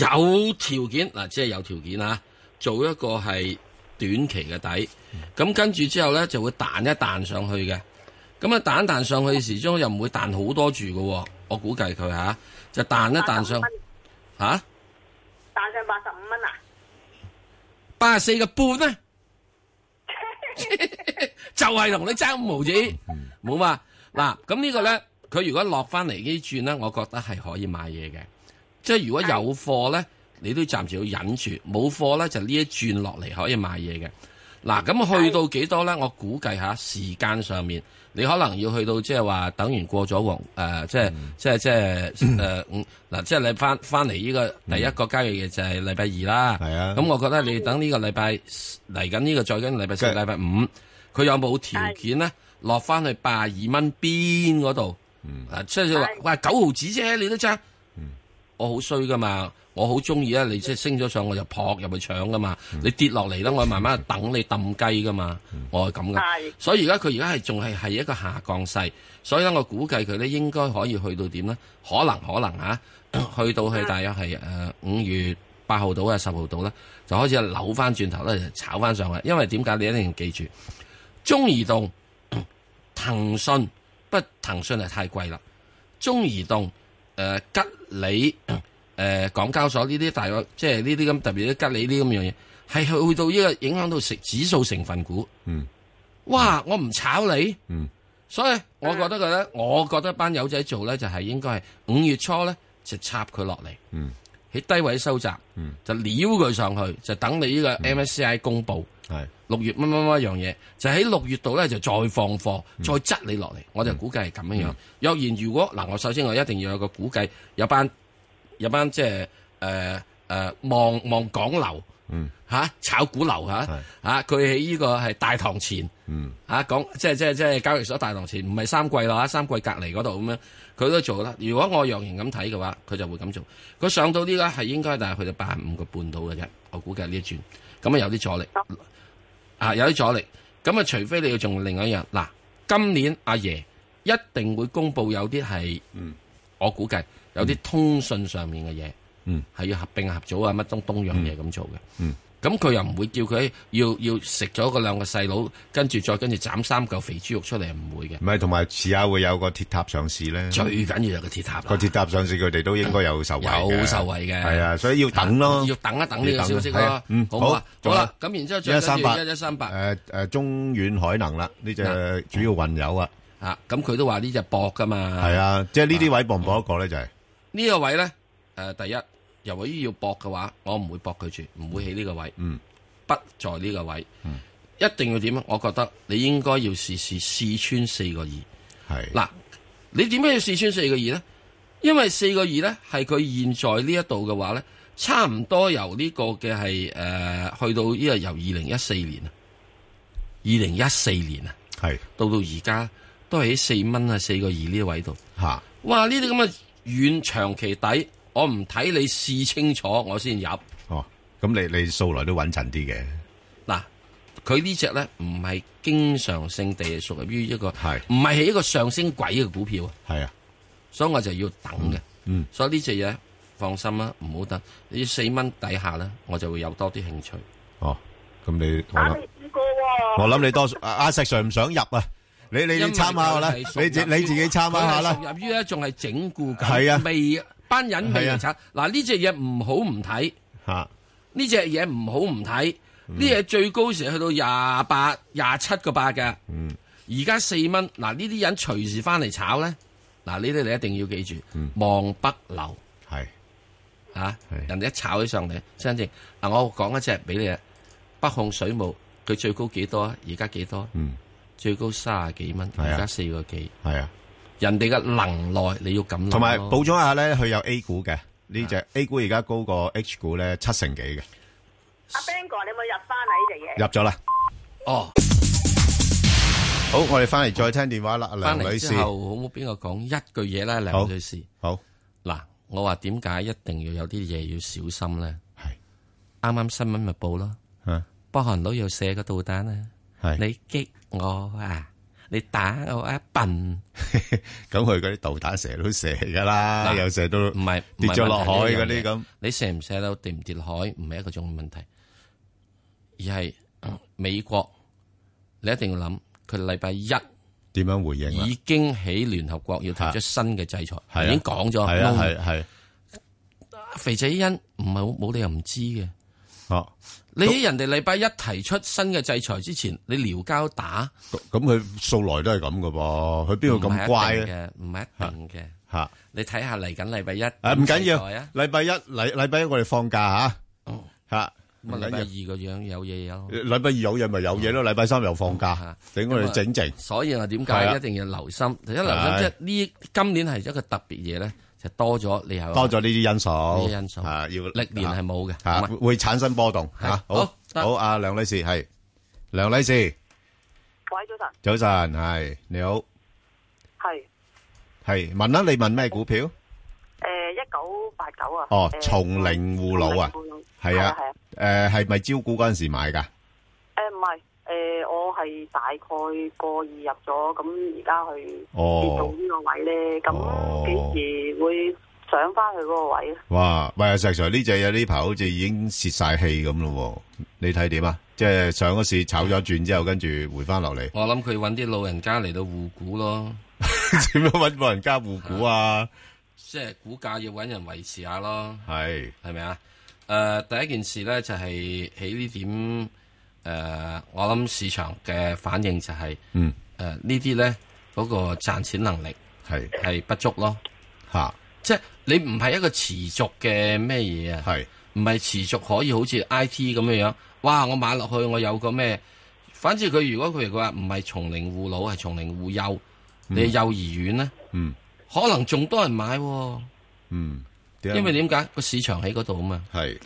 條件嗱，即、啊、係、就是、有條件啊，做一個係短期嘅底。咁跟住之後咧，就會彈一彈上去嘅。咁啊，彈一彈上去始終又唔會彈好多住㗎。我估計佢吓就彈一彈上，吓彈上八十五蚊啊，八十四個半啊。 [laughs] 就係、是、同你爭五毛子，冇、嗯、嘛？嗱、咁、啊、呢個咧，佢如果落翻嚟呢轉咧，我覺得係可以買嘢嘅。即係如果有貨咧，你都暫時要忍住；冇貨咧，就呢、是、一轉落嚟可以買嘢嘅。嗱、啊，咁去到幾多咧？我估計吓時間上面，你可能要去到即係話等完過咗黃誒，即係即係即係誒，嗱、嗯、即係、呃嗯、你翻翻嚟呢個第一個交易日就係禮拜二啦。係、嗯、啊。咁我覺得你等呢個禮拜嚟緊呢個再緊禮拜四、禮拜五。佢有冇條件咧落翻去八二蚊邊嗰度？啊、嗯，即係話喂九毫子啫，你都揸嗯我好衰噶嘛，我好中意啊！你即係升咗上我就撲入去搶噶嘛、嗯，你跌落嚟咧，我慢慢等你揼雞噶嘛，嗯、我係咁噶。所以而家佢而家係仲係係一個下降勢，所以咧我估計佢咧應該可以去到點咧？可能可能嚇、啊， [coughs] 去到係大約係誒五月八號到啊十號到呢，就開始扭翻轉頭咧，炒翻上去。因為點解你一定要記住？中移動、騰訊不騰訊係太貴啦，中移動、誒、呃、吉利誒、呃、港交所呢啲大約即係呢啲咁特別啲吉利呢啲咁樣嘢，係去到呢個影響到食指數成分股。嗯，哇、嗯！我唔炒你。嗯，所以我覺得佢咧、嗯，我覺得班友仔做咧就係應該係五月初咧就插佢落嚟。嗯，喺低位收集。嗯，就撩佢上去，就等你呢個 MSCI 公布。係、嗯。六月乜乜乜一樣嘢，就喺、是、六月度咧就再放貨、嗯，再執你落嚟。我就估計係咁樣樣、嗯。若然如果嗱，我首先我一定要有個估計，有班有班即係誒誒，望望港樓，嗯吓、啊、炒股樓吓，佢喺呢個係大堂前，嗯吓講、啊、即係即係即係交易所大堂前，唔係三季啦，三季隔離嗰度咁樣，佢都做啦。如果我若然咁睇嘅話，佢就會咁做。佢上到呢個係應該但係去到八十五個半度嘅啫，我估計呢一轉咁啊有啲阻力。嗯啊，有啲阻力，咁啊，除非你要做另外一樣。嗱，今年阿爺一定會公布有啲係、嗯，我估計有啲通訊上面嘅嘢，係、嗯、要合併合組啊，乜東東洋嘢咁做嘅。嗯嗯咁佢又唔會叫佢要要食咗嗰兩個細佬，跟住再跟住斬三嚿肥豬肉出嚟，唔會嘅。唔係，同埋遲下次會有個鐵塔上市咧。最緊要係個鐵塔，個鐵塔上市，佢哋都應該有受惠嘅、嗯。有受惠嘅，係啊，所以要等咯。啊、要等一等呢個消息、啊啊、嗯，好啊，好啦。咁然之後再，一三八，一三八，誒誒，中遠海能啦，呢、這、隻、個、主要運油啊。啊，咁佢都話呢隻博噶嘛。係啊，即係呢啲位博唔博一個呢，咧、啊？就係、是、呢個位咧。誒、呃，第一。由於要搏嘅話，我唔會搏佢住，唔會喺呢個位，嗯、不在呢個位，嗯、一定要點？我覺得你應該要試試四川四個二。係嗱，你點解要試穿四,四個二咧？因為四個二咧係佢現在呢一度嘅話咧，差唔多由呢個嘅係誒，去到依個由二零一四年啊，二零一四年啊，係到到而家都喺四蚊啊四個二呢個位度。吓，哇！呢啲咁嘅遠長期底。我唔睇你試清楚，我先入。哦，咁你你數來都穩陣啲嘅。嗱，佢呢隻咧唔係經常性地屬於一個，係唔係一個上升軌嘅股票啊？係啊，所以我就要等嘅、嗯。嗯，所以呢隻嘢放心啦，唔好等。你四蚊底下咧，我就會有多啲興趣。哦，咁你我啦、啊、我諗你多數、啊啊啊、石 Sir 唔想入啊？你你參考啦，你你，參下你自己參考下啦。屬於咧仲係整固，係啊，未班人去嚟炒嗱呢隻嘢唔好唔睇，呢隻嘢唔好唔睇，呢隻、啊嗯、最高時去到廿八廿七個八嘅，而家四蚊嗱呢啲人隨時翻嚟炒咧，嗱呢啲你一定要記住，嗯、望北流係啊，人哋一炒起上嚟，真正嗱我講一隻俾你啊，北控水務佢最高幾多啊？而家幾多、嗯？最高卅幾蚊，而家、啊、四個幾？係啊。人哋嘅能耐你要咁諗，同埋補充一下咧，佢有 A 股嘅，呢隻 A 股而家高過 H 股咧七成幾嘅。阿 Ben 哥你有冇入翻嚟呢隻嘢？入咗啦。哦，好，我哋翻嚟再聽電話啦，梁女士，好冇邊個講一句嘢啦，梁女士。好嗱，我話點解一定要有啲嘢要小心咧？係啱啱新聞咪報咯，嗯，北韓佬要射個導彈啊，係你激我啊！你打我一笨，咁佢嗰啲導彈射都射噶啦，又射都唔係跌咗落海嗰啲咁。你射唔射到跌唔跌海，唔係一個重要問題，而係美國，你一定要諗佢禮拜一點樣回應。已經喺聯合國要提出新嘅制裁，已經講咗。係啊係係，肥仔欣唔係冇理由唔知嘅。啊！你喺人哋禮拜一提出新嘅制裁之前，你撩交打咁，佢素來都係咁噶噃，佢邊度咁乖咧？唔係一定嘅，唔係一定嘅吓。你睇下嚟緊禮拜一，唔緊要，禮拜一禮禮拜一我哋放假吓，吓咁啊禮拜二個樣有嘢有，禮拜二有嘢咪有嘢咯，禮拜三又放假，俾我哋整淨。所以話點解一定要留心？第一留心即係呢今年係一個特別嘢咧。就多咗，你有多咗呢啲因素，呢啲因素啊，要歷年係冇嘅吓，會產生波動吓。好，好，阿梁女士係，梁女士，喂，早晨，早晨係，你好，係，係，問啦，你問咩股票？誒，一九八九啊，哦，松齡護老啊，係啊，誒，係咪招股嗰陣時買噶？誒，唔係。誒，我係大概過二入咗，咁而家去跌到呢個位咧，咁、哦、幾、哦、時會上翻佢嗰個位？哇、喂、啊，石 Sir，呢隻有呢排好似已經泄晒氣咁咯，你睇點啊？即係上嗰次炒咗一轉之後，跟住回翻落嚟。我諗佢搵啲老人家嚟到護股咯，點樣搵老人家護股啊？即係、就是、股價要搵人維持下咯，係係咪啊？誒、呃，第一件事咧就係、是、起呢點。誒、呃，我諗市場嘅反應就係、是，誒、嗯呃、呢啲咧嗰個賺錢能力係係不足咯，吓，即係你唔係一個持續嘅咩嘢啊，係唔係持續可以好似 IT 咁樣樣？哇，我買落去我有個咩？反正佢如果佢話唔係松齡護老，係松齡護幼，嗯、你幼兒園咧，嗯，可能仲多人買，嗯，為因為點解個市場喺嗰度啊嘛，係，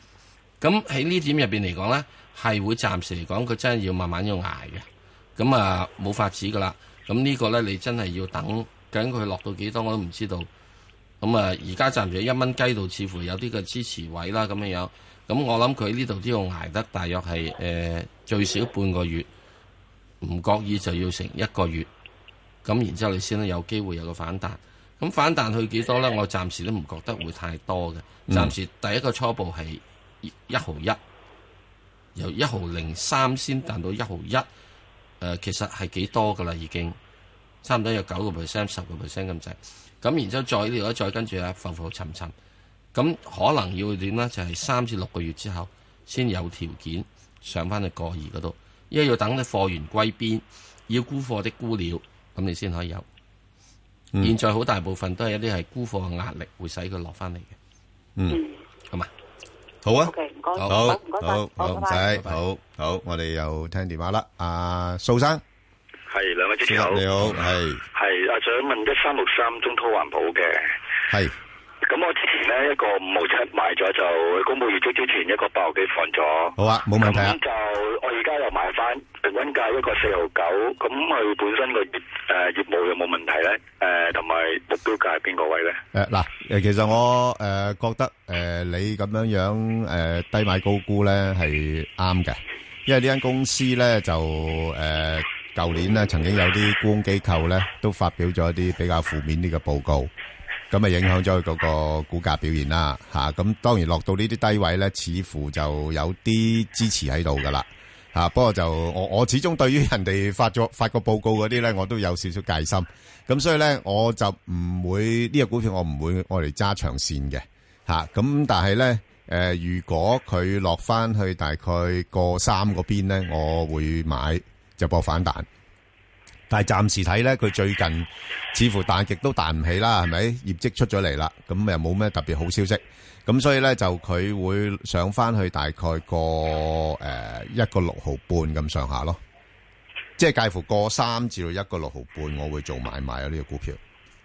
咁喺呢點入邊嚟講咧。係會暫時嚟講，佢真係要慢慢要挨嘅，咁啊冇法子噶啦。咁呢個咧，你真係要等，等佢落到幾多我都唔知道。咁啊，而家暫時一蚊雞度，似乎有啲嘅支持位啦，咁樣樣。咁我諗佢呢度都要挨得大約係誒、呃、最少半個月，唔覺意就要成一個月。咁然之後你先有機會有個反彈。咁反彈去幾多咧？我暫時都唔覺得會太多嘅。嗯、暫時第一個初步係一毫一。由一毫零三先彈到一毫一，誒、呃、其實係幾多㗎喇？已經差唔多有九個 percent、十個 percent 咁滯。咁然之後再呢度咧再跟住啊浮浮沉沉。咁可能要點咧？就係、是、三至六個月之後先有條件上翻去過二嗰度，因為要等你貨源歸邊，要沽貨的沽料。咁你先可以有。嗯、現在好大部分都係一啲係沽貨嘅壓力，會使佢落翻嚟嘅。嗯好，好嘛。好啊，O K，唔該，好，唔該晒，唔該晒，好好，我哋又聽電話啦，阿蘇生，係兩位主持人，你好，係，係，阿長問一三六三中滔環保嘅，係。咁我之前咧一個五毫七買咗，就公布業績之前一個八毫幾放咗。好啊，冇問題。咁就我而家又買翻平均價一個四毫九，咁佢本身個業誒業務有冇問題咧？誒，同埋目標價係邊個位咧？誒嗱，誒其實我誒覺得誒你咁樣樣誒低買高沽咧係啱嘅，因為呢間公司咧就誒舊年咧曾經有啲沽空機構咧都發表咗一啲比較負面啲嘅報告。咁啊，影響咗佢個股價表現啦，咁、啊、當然落到呢啲低位咧，似乎就有啲支持喺度噶啦，不過就我我始終對於人哋發咗發個報告嗰啲咧，我都有少少戒心。咁所以咧，我就唔會呢、呢個股票我，我唔會愛嚟揸長線嘅，咁但係咧、呃，如果佢落翻去大概過三個三嗰邊咧，我會買就博反彈。但係暫時睇咧，佢最近似乎彈極都彈唔起啦，係咪？業績出咗嚟啦，咁又冇咩特別好消息，咁所以咧就佢會上翻去大概過個誒、呃、一個六毫半咁上下咯，即係介乎個三至到一個六毫半，我會做買賣啊呢、這個股票。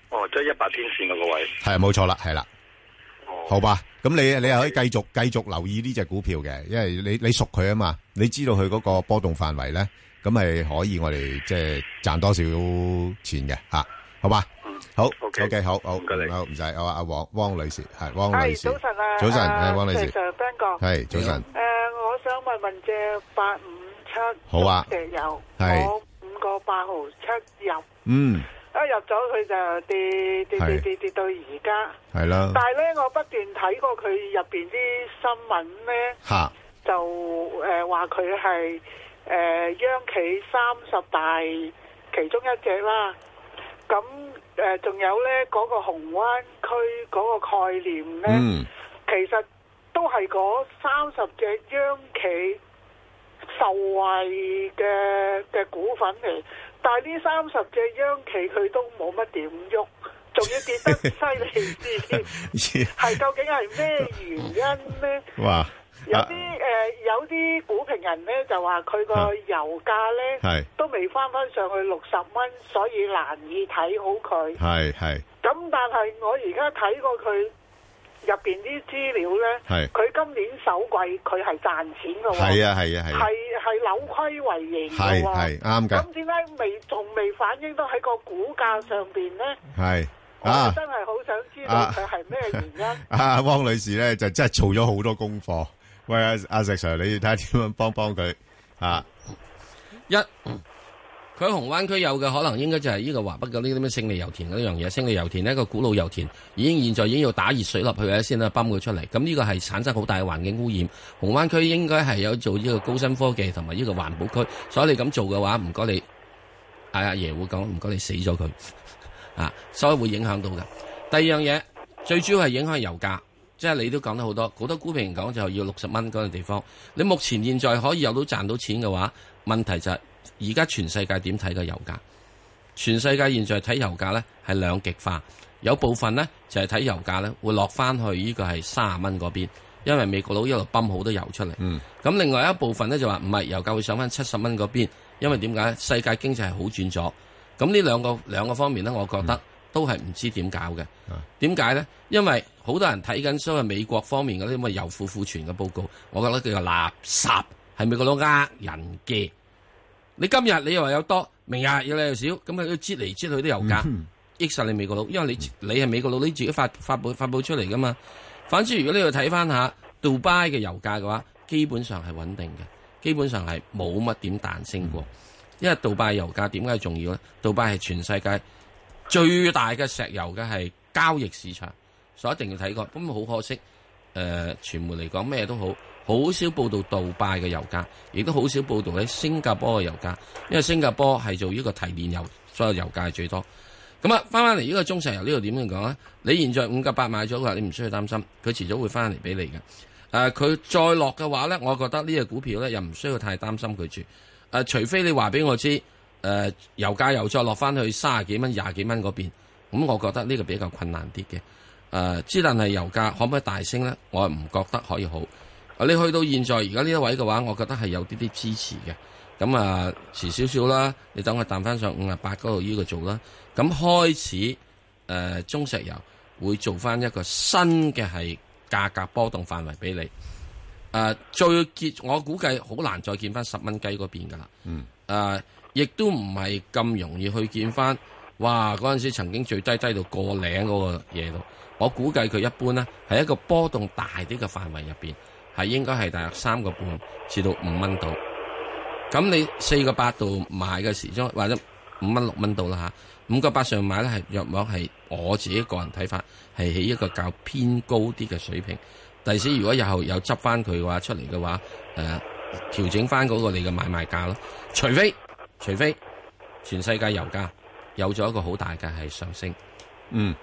哦，即係一百天線嗰個位，係冇錯啦，係啦。哦，好吧，咁你你又可以繼續繼續留意呢隻股票嘅，因為你你熟佢啊嘛，你知道佢嗰個波動範圍咧。咁係可以我，我哋即係賺多少錢嘅吓，好吧？嗯，好，O K，好，好唔該你，好唔使，阿阿汪汪女士係汪女士，女士 Hi，早晨啊，早晨係汪、啊、女士，早晨。誒，我想問問隻八五七，好啊，石油係五個八毫七入，嗯，一入咗佢就跌跌跌跌跌，跌到而家，係啦。但係咧，我不斷睇過佢入邊啲新聞咧，吓就誒話佢係。呃誒、呃，央企三十大其中一隻啦，咁誒，仲、呃、有咧嗰、嗰個紅灣區嗰個概念咧、嗯，其實都係嗰三十隻央企受惠嘅嘅股份嚟。但係呢三十隻央企佢都冇乜點喐，仲要跌得犀利啲添，係 [laughs] 究竟係咩原因咧？哇有啲誒，有啲股評人咧就話佢個油價咧都未翻翻上去六十蚊，所以難以睇好佢。係係。咁但係我而家睇過佢入邊啲資料咧，佢今年首季佢係賺錢噶，係啊係啊係，係係扭虧為盈噶，係係啱嘅。咁點解未仲未反映到喺個股價上邊咧？係，我真係好想知道佢係咩原因。啊，汪女士咧就真係做咗好多功課。喂，阿阿石 Sir，你要睇下點樣幫幫佢啊？一，佢喺紅灣區有嘅可能應該，應該就係呢個華北嘅呢啲咩勝利油田呢樣嘢，勝利油田呢一個古老油田，已經現在已經要打熱水落去嘅先啦，泵佢出嚟。咁呢個係產生好大嘅環境污染。紅灣區應該係有做呢個高新科技同埋呢個環保區，所以你咁做嘅話，唔該你，阿阿爺會講，唔該你死咗佢啊，所以會影響到嘅。第二樣嘢，最主要係影響油價。即係你都講得好多，好多股評講就要六十蚊嗰個地方。你目前現在可以有到賺到錢嘅話，問題就係而家全世界點睇個油價？全世界現在睇油價呢係兩極化，有部分呢就係、是、睇油價呢會落翻去呢個係三十蚊嗰邊，因為美國佬一路泵好多油出嚟。咁、嗯、另外一部分呢就話唔係油價會上翻七十蚊嗰邊，因為點解？世界經濟係好轉咗。咁呢兩個兩個方面呢，我覺得都係唔知點搞嘅。點、嗯、解呢？因為好多人睇緊所謂美國方面嗰啲咁嘅油庫庫存嘅報告，我覺得佢個垃圾係美國佬呃人嘅。你今日你又話有多，明日又嚟又少，咁啊，要接嚟接去啲油價益實你美國佬，因為你你係美國佬，你自己發發布發布出嚟噶嘛。反之，如果你要睇翻下杜拜嘅油價嘅話，基本上係穩定嘅，基本上係冇乜點彈升過。因為杜拜油價點解重要咧？杜拜係全世界最大嘅石油嘅係交易市場。所以一定要睇過，咁好可惜。誒、呃，傳媒嚟講咩都好，好少報道杜拜嘅油價，亦都好少報道喺新加坡嘅油價，因為新加坡係做呢個提煉油，所以油價最多。咁啊，翻翻嚟呢個中石油呢度點樣講咧？你現在五個八買咗佢，話你唔需要擔心，佢遲早會翻嚟俾你嘅。誒、呃，佢再落嘅話咧，我覺得呢隻股票咧又唔需要太擔心佢住。誒、呃，除非你話俾我知，誒、呃，油價又再落翻去三十幾蚊、廿幾蚊嗰邊，咁我覺得呢個比較困難啲嘅。誒、啊，之但係油價可唔可以大升咧？我唔覺得可以好。啊、你去到現在而家呢一位嘅話，我覺得係有啲啲支持嘅。咁啊，遲少少啦，你等佢彈翻上五十八嗰度，依個做啦。咁開始誒、啊，中石油會做翻一個新嘅係價格波動範圍俾你。誒、啊，最結我估計好難再見翻十蚊雞嗰邊噶啦。嗯。誒、啊，亦都唔係咁容易去見翻。哇！嗰陣時曾經最低低到過嶺嗰個嘢度。我估計佢一般呢係一個波動大啲嘅範圍入邊，係應該係大約三個半至到五蚊度。咁你四個八度買嘅時鐘或者五蚊六蚊度啦嚇，五個八上買呢，係若莫係我自己個人睇法，係起一個較偏高啲嘅水平。第時如果以後有執翻佢嘅話出嚟嘅話，誒、啊、調整翻嗰個你嘅買賣價咯。除非除非全世界油價有咗一個好大嘅係上升，嗯。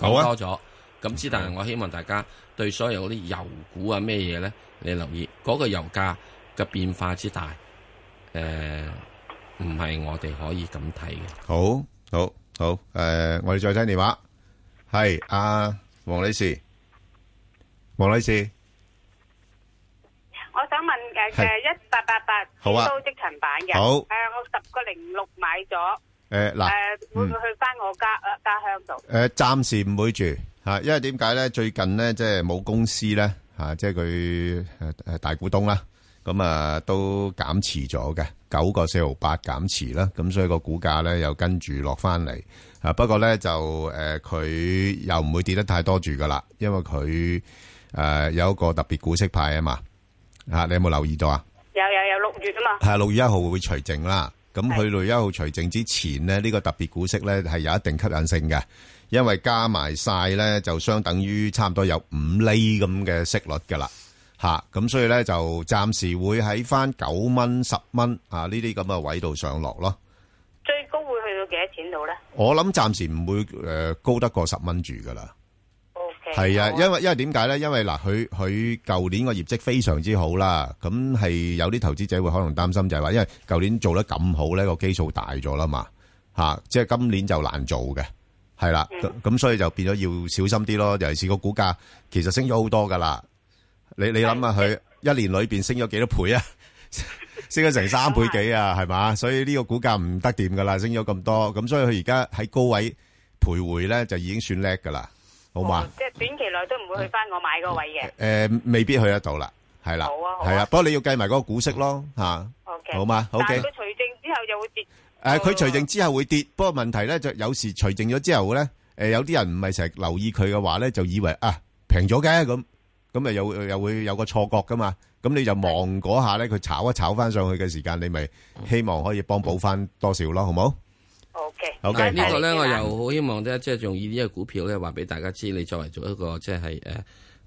好、啊、多咗，咁之、啊、但係我希望大家對所有嗰啲油股啊咩嘢咧，你留意嗰、那個油價嘅變化之大，誒、呃，唔係我哋可以咁睇嘅。好，好，好，誒、呃，我哋再聽電話，係阿黃女士，黃女士，我想問誒嘅一八八八天都積層板嘅，好，誒、呃，我十個零六買咗。誒、呃、嗱，誒會唔會去翻我家誒、嗯、家鄉度？誒、呃，暫時唔會住吓，因為點解咧？最近咧，即係冇公司咧吓、啊，即係佢誒誒大股東啦，咁啊都減持咗嘅，九個四毫八減持啦，咁所以個股價咧又跟住落翻嚟啊！不過咧就誒佢、啊、又唔會跌得太多住噶啦，因為佢誒、啊、有一個特別股息派啊嘛，啊你有冇留意到啊？有有有六月啊嘛，係啊，六月一號會除淨啦。咁去到一號除淨之前咧，呢、呢個特別股息咧係有一定吸引性嘅，因為加埋晒咧就相等於差唔多有五厘咁嘅息率噶啦吓，咁所以咧就暫時會喺翻九蚊十蚊啊呢啲咁嘅位度上落咯。最高會去到幾多錢度咧？我諗暫時唔會誒高得過十蚊住噶啦。係啊，因為因為點解咧？因為嗱，佢佢舊年個業績非常之好啦，咁係有啲投資者會可能擔心就係話，因為舊年做得咁好咧，個基數大咗啦嘛，吓，即係今年就難做嘅，係啦，咁所以就變咗要小心啲咯。尤其是個股價其實升咗好多噶啦，你你諗下佢一年裏邊升咗幾多倍啊？升咗成三倍幾啊？係嘛，所以呢個股價唔得掂噶啦，升咗咁多，咁所以佢而家喺高位徘徊咧，就已經算叻噶啦。好嘛，即係短期內都唔會去翻我買嗰位嘅。誒，未必去得到啦，係啦，係啊。不過你要計埋嗰個股息咯，吓。OK，好嘛，好。但係佢除淨之後就會跌。誒，佢除淨之後會跌，不過問題咧就有時除淨咗之後咧，誒，有啲人唔係成日留意佢嘅話咧，就以為啊平咗嘅咁，咁啊又又會有個錯覺噶嘛。咁你就望嗰下咧，佢炒一炒翻上去嘅時間，你咪希望可以幫補翻多少咯，好冇？O K，ok k k 呢個咧我又好希望咧，即係用呢個股票咧，話俾大家知，你作為做一個即係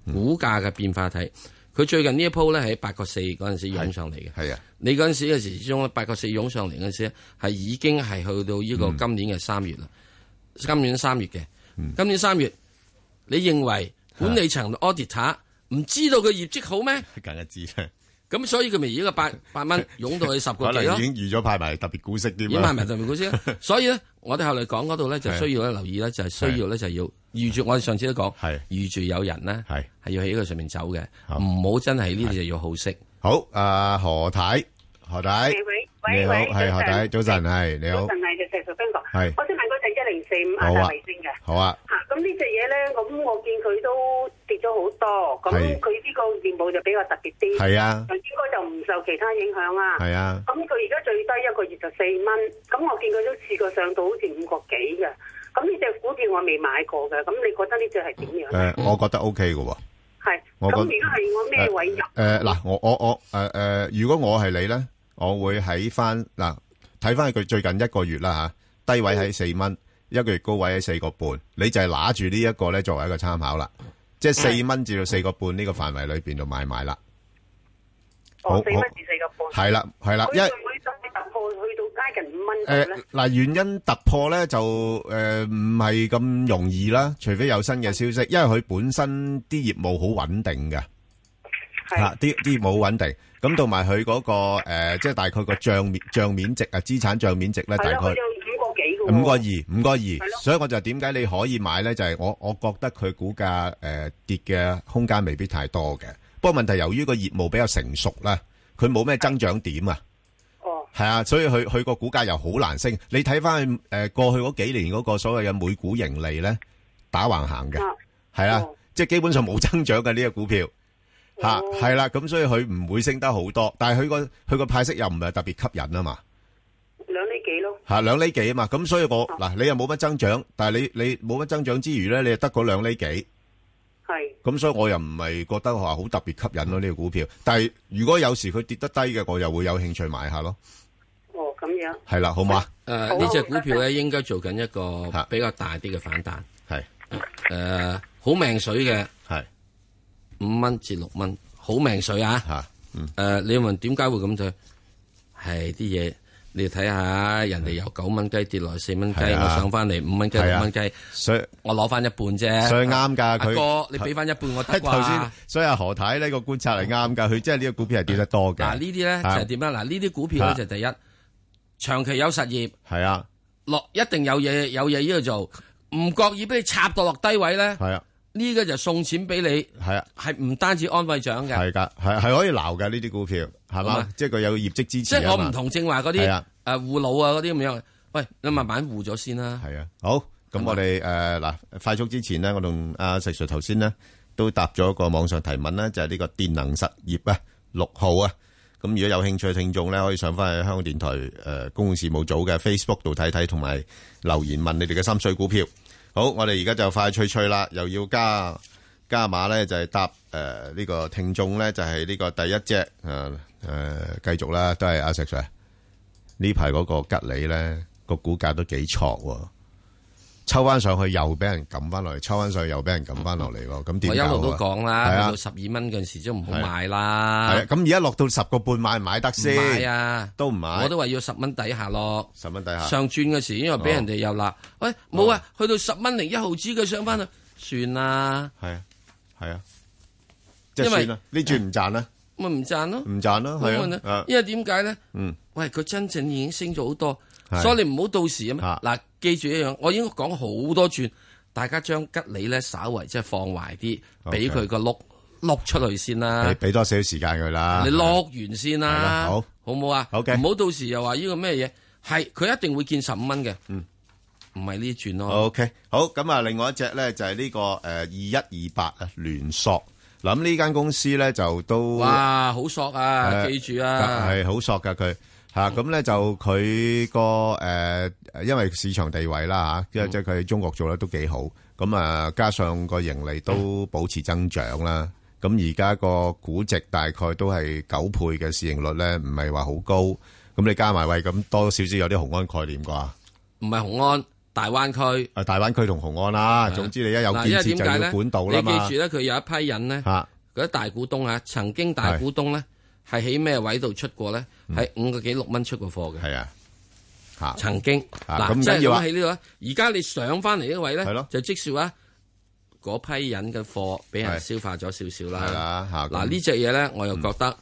誒股價嘅變化。睇佢、嗯、最近呢一波咧喺八個四嗰陣時湧上嚟嘅，係啊。你嗰陣時嗰時中八個四湧上嚟嗰陣時係已經係去到呢個今年嘅三月啦、嗯。今年三月嘅、嗯，今年三月，你認為管理層 auditor 唔知道佢業績好咩？梗 [laughs] 係知啦。 [laughs] 咁所以佢咪而家八八蚊湧到去十個幾咯，已經預咗派埋特別股息啲啦，派埋特別股息。所以咧，我哋後嚟講嗰度咧，就需要咧留意咧，就係需要咧就要預住。我哋上次都講係預住有人咧，係係要喺呢個上面走嘅，唔好真係呢啲就要好息。好，阿何太，何太，你好，係何太，早晨，係你好。四五亞太衞星嘅，好啊！嚇、啊，咁呢隻嘢咧，咁我見佢都跌咗好多，咁佢呢個業務就比較特別啲，係啊，佢應該就唔受其他影響啊。係啊，咁佢而家最低一個月就四蚊，咁我見佢都試過上到好似五個幾嘅。咁呢隻股票我未買過嘅，咁你覺得隻呢隻係點樣咧？我覺得 OK 嘅喎。咁如果係我咩位入？誒嗱，我、呃呃、我我誒誒、呃呃，如果我係你咧，我會喺翻嗱，睇翻佢最近一個月啦嚇，低位喺四蚊。嗯一個月高位喺四個半，你就係拿住呢一個咧作為一個參考啦。即係四蚊至到四個半呢個範圍裏邊度買賣啦。好，四蚊至四個半，係啦係啦，因為佢再突破去到接近五蚊誒。嗱，原因突破咧就誒唔係咁容易啦，除非有新嘅消息，因為佢本身啲業務好穩定嘅，係啦啲啲業務好穩定。咁同埋佢嗰個誒，即係大概個帳面帳面值啊，資產帳面值咧，大概。五個二，五個二，所以我就點解你可以買呢？就係我，我覺得佢股價誒跌嘅空間未必太多嘅。不過問題由於個業務比較成熟喇，佢冇咩增長點啊，哦，係啊，所以佢佢個股價又好難升。你睇翻去誒過去嗰幾年嗰個所謂嘅每股盈利呢，打橫行嘅，係啊，即係基本上冇增長嘅呢個股票嚇，係啦，咁所以佢唔會升得好多。但係佢個佢個派息又唔係特別吸引啊嘛。兩厘幾咯、吓、啊、兩厘幾啊嘛，咁所以我嗱、啊、你又冇乜增長，但係你你冇乜增長之餘咧，你又得嗰兩厘幾，係，咁所以我又唔係覺得話好特別吸引咯、啊、呢、這個股票，但係如果有時佢跌得低嘅，我又會有興趣買下咯。哦，咁樣，係啦，好嘛？誒、啊，呢隻股票咧應該做緊一個比較大啲嘅反彈，係，誒、呃，好命水嘅，係，五蚊至六蚊，好命水啊！吓，誒、嗯啊，你問點解會咁對？係啲嘢。你睇下，人哋由九蚊雞跌落四蚊雞，我上翻嚟五蚊雞六蚊雞，所以我攞翻一半啫、啊。所以啱噶，佢你俾翻一半我得先。所以阿何太呢個觀察係啱噶，佢即係呢個股票係跌得多㗎。嗱呢啲咧就係點樣？嗱呢啲股票咧就第一，長期有實業，係啊落一定有嘢有嘢呢度做，唔覺意俾你插到落低位咧，係啊。呢、這個就送錢俾你，係啊，係唔單止安慰獎嘅，係噶，係係可以撈嘅呢啲股票，係嘛，即係佢有業績支持。即係我唔同正話嗰啲誒護老啊嗰啲咁樣，喂，你慢慢護咗先啦、啊。係啊，好，咁我哋誒嗱，快速之前呢，我同阿、啊、石 Sir 頭先呢，都答咗一個網上提問啦，就係、是、呢個電能實業啊，六號啊，咁如果有興趣嘅聽眾咧，可以上翻去香港電台誒、呃、公共事務組嘅 Facebook 度睇睇，同埋留言問你哋嘅心水股票。好，我哋而家就快脆脆啦，又要加加碼咧，就係搭誒呢個聽眾咧，就係、是、呢個第一隻誒、呃呃，繼續啦，都係阿石 Sir。呢排嗰個吉利咧，個股價都幾挫喎。抽翻上去又俾人撳翻落嚟，抽翻上去又俾人撳翻落嚟咯。咁點一路都講啦、啊，到十二蚊嗰陣時都唔好買啦。係咁、啊，而家、啊啊、落到十個半買，唔買得先。唔買啊，都唔買。我都話要十蚊底下咯，十蚊底下上轉嘅時，因為俾人哋又啦。喂，冇啊、哦，去到十蚊零一毫子佢上翻啦、啊，算啦。係啊，係啊，即係算啦。呢轉唔賺啦？咪唔賺咯，唔賺咯。係啊，啊，因為點解咧？嗯，喂，佢真正已經升咗好多。所以你唔好到時啊！嗱，記住一樣，我已經講好多轉，大家將吉利咧稍微即係放壞啲，俾佢個碌碌出去先啦。你俾多少時間佢啦？你落完先啦，好，好唔好啊？好唔好到時又話呢個咩嘢？係佢一定會見十五蚊嘅，嗯，唔係呢轉咯。OK，好，咁啊，另外一隻咧就係、是這個呃、呢個誒二一二八啊，聯塑。嗱，咁呢間公司咧就都哇好索啊！記住啊，係好索噶佢。吓，咁咧就佢個誒，因為市場地位啦吓，即係即係佢喺中國做得都幾好。咁啊，加上個盈利都保持增長啦。咁而家個估值大概都係九倍嘅市盈率咧，唔係話好高。咁你加埋位咁多少少有啲雄安概念啩？唔係雄安，大灣區。誒，大灣區同雄安啦。總之你一有建設就要管道啦嘛。你記住咧，佢有一批人咧，嗰啲大股東吓，曾經大股東咧。係喺咩位度出過咧？係、嗯、五個幾六蚊出過貨嘅。係啊，嚇、啊、曾經嗱、啊，即係我喺呢度。而、啊、家你上翻嚟呢個位咧、啊，就即係話嗰批人嘅貨俾人消化咗少少啦。係啊，嗱、啊啊啊、呢隻嘢咧，我又覺得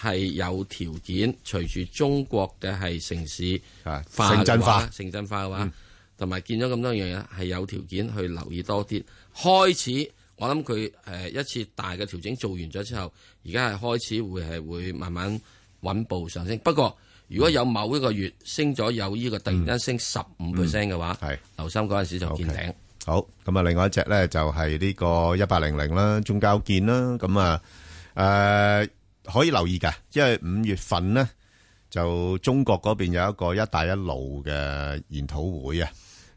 係有條件，嗯、隨住中國嘅係城市化、城鎮化、城鎮化嘅話，同埋見咗咁多樣嘢，係有條件去留意多啲，開始。我諗佢誒，一次大嘅調整做完咗之後，而家係開始會係會慢慢穩步上升。不過，如果有某一個月升咗有呢個突然間升十五 percent 嘅話，係留心嗰陣時就見頂。好，咁啊，另外一隻咧，就係呢個一八零零啦，中交建啦，咁啊誒可以留意㗎，因為五月份咧就中國嗰邊有一個一帶一路嘅研討會啊，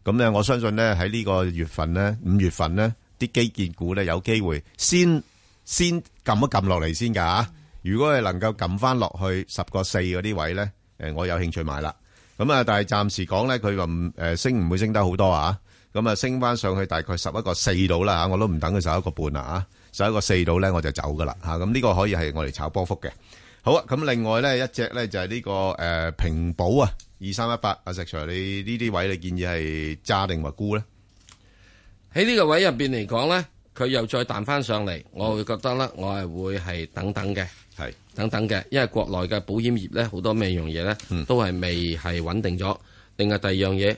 咁咧我相信咧喺呢個月份咧，五月份咧。啲基建股咧有機會先先撳一撳落嚟先㗎嚇，如果係能夠撳翻落去十個四嗰啲位咧，誒我有興趣買啦。咁啊，但係暫時講咧，佢誒升唔會升得好多啊。咁啊，升翻上去大概十一個四到啦嚇，我都唔等佢十一個半啦嚇，十一個四到咧我就走㗎啦嚇。咁呢個可以係我哋炒波幅嘅。好啊，咁另外咧一隻咧就係呢個誒平保啊，二三一八，阿石 Sir 你呢啲位你建議係揸定或沽咧？喺呢個位入邊嚟講咧，佢又再彈翻上嚟，我會覺得咧，我係會係等等嘅，係等等嘅，因為國內嘅保險業咧，好多咩樣嘢咧，都係未係穩定咗。另外第二樣嘢，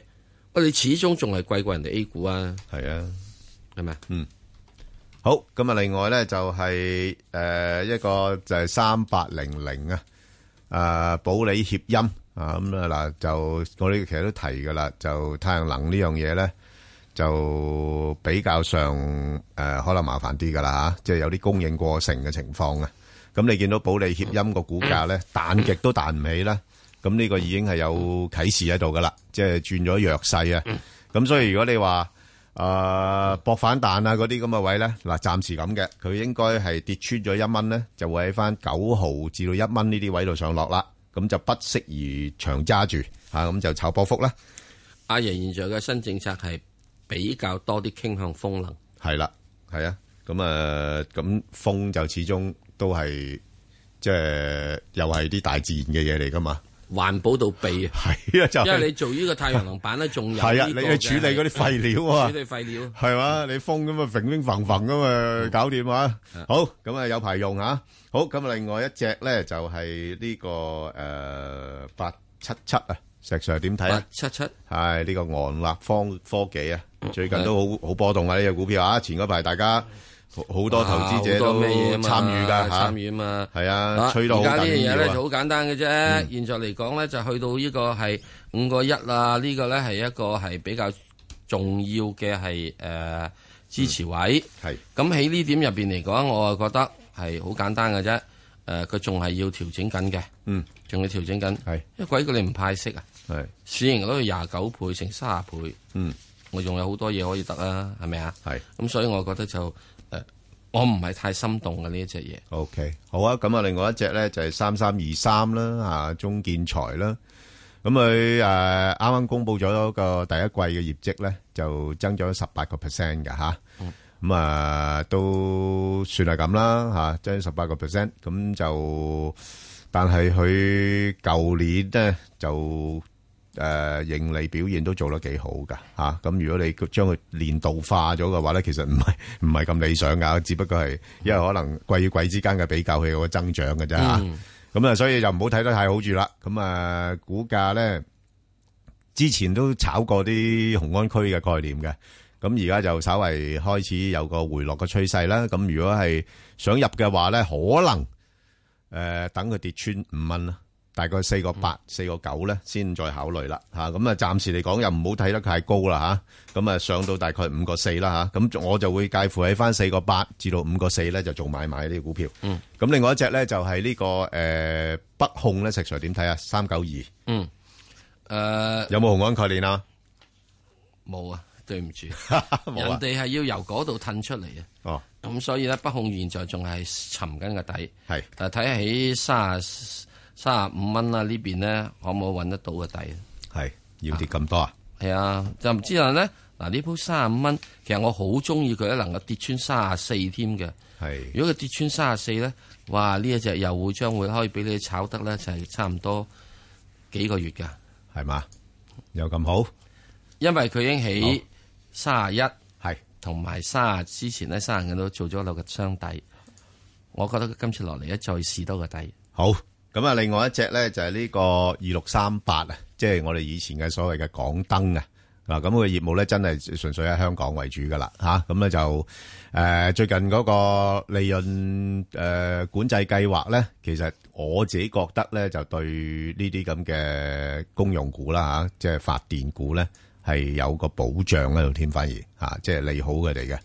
我哋始終仲係貴過人哋 A 股啊，係啊，係咪？嗯，好，咁啊，另外咧就係誒一個就係三八零零啊，誒保理協鑫。啊，咁啊嗱，就我哋其實都提噶啦，就太陽能呢樣嘢咧。就比較上誒、呃，可能麻煩啲噶啦吓，即係有啲供應過剩嘅情況啊。咁你見到保利協鑫個股價咧彈極都彈唔起啦。咁呢個已經係有啟示喺度噶啦，即係轉咗弱勢啊。咁、嗯、所以如果你話誒博反彈啊嗰啲咁嘅位咧，嗱暫時咁嘅，佢應該係跌穿咗一蚊咧，就會喺翻九毫至到一蚊呢啲位度上落啦。咁就不適宜長揸住吓，咁、啊、就炒波幅啦。阿爺，現在嘅新政策係？比較多啲傾向風能，係啦，係、嗯、啊，咁啊，咁風就始終都係，即係又係啲大自然嘅嘢嚟噶嘛，環保到痹啊，係 [laughs] 啊，就係、因為你做呢個太陽能板咧，仲 [laughs] 有係、這、啊、個，你去處理嗰啲廢料啊， [laughs] 處理廢料，係嘛，你風咁啊，揈揈揈揈咁啊，搞掂啊、嗯，好，咁啊，有排用啊。好，咁啊，另外一隻咧就係、係、呢、這個誒八七七啊。呃 877, 石上點睇啊？七七係呢、哎這個昂立方科技啊、嗯，最近都好好波動、這個、啊！呢隻股票啊，前嗰排大家好多投資者都參與噶參與嘛，係啊，吹到好緊要，呢樣嘢呢就好簡單嘅啫，現在嚟講咧就去到呢個係五個一啦，呢個咧係一個係比較重要嘅係誒支持位，係咁喺呢點入邊嚟講，我啊覺得係好簡單嘅啫，誒、呃，佢仲係要調整緊嘅，嗯，仲要調整緊，係因為鬼叫你唔派息啊！係市盈率廿九倍，成卅倍，嗯，我仲有好多嘢可以得啦，係咪啊？係，咁、嗯、所以我覺得就誒、呃，我唔係太心動嘅呢一隻嘢。O、okay, K，好啊，咁啊，另外一隻咧就係三三二三啦，吓、啊、中建材啦，咁佢誒啱啱公布咗個第一季嘅業績咧，就增咗十八個 percent 嘅吓，咁啊,、嗯嗯、啊都算係咁啦吓、啊，增十八個 percent，咁就但係佢舊年咧就。但誒盈利表現都做得幾好噶嚇，咁如果你將佢年度化咗嘅話咧，其實唔係唔係咁理想噶，只不過係因為可能季與季之間嘅比較，佢有個增長嘅啫嚇。咁啊，所以就唔好睇得太好住啦。咁啊，股價咧之前都炒過啲雄安區嘅概念嘅，咁而家就稍微開始有個回落嘅趨勢啦。咁如果係想入嘅話咧，可能誒等佢跌穿五蚊啦。大概四個八、四個九咧，先再考慮啦嚇。咁啊，暫時嚟講又唔好睇得太高啦嚇。咁啊，上到大概五個四啦嚇。咁我就會介乎喺翻四個八至到五個四咧，就做買賣呢個股票。嗯。咁另外一隻咧就係呢個誒北控咧，石生點睇啊？三九二。嗯。呃、有冇紅安概念 [laughs] 啊？冇啊，對唔住。冇啊。人哋係要由嗰度褪出嚟啊。哦。咁所以咧，北控現在仲係沉緊個底。係。但睇起三 30... 三十五蚊啦，邊呢邊咧可唔可搵得到個底是啊？係要跌咁多啊？係啊，就唔知道咧。嗱，呢鋪三十五蚊，其實我好中意佢咧，能夠跌穿三十四添嘅。係如果佢跌穿三十四咧，哇，呢一隻又會將會可以俾你炒得咧，就係、是、差唔多幾個月噶，係嘛？又咁好？因為佢已經起三十一，係同埋三啊之前，咧，三啊幾都做咗六個箱底。我覺得今次落嚟，一再試多個底好。咁啊，另外一隻咧就係呢個二六三八啊，即係我哋以前嘅，所謂嘅港燈啊，嗱，咁個業務咧真係純粹喺香港為主噶啦，吓、啊，咁咧就誒、呃、最近嗰個利潤誒、呃、管制計劃咧，其實我自己覺得咧就對呢啲咁嘅公用股啦，吓、啊，即、就、係、是、發電股咧係有個保障喺度添，反而吓，即、就、係、是、利好佢哋嘅。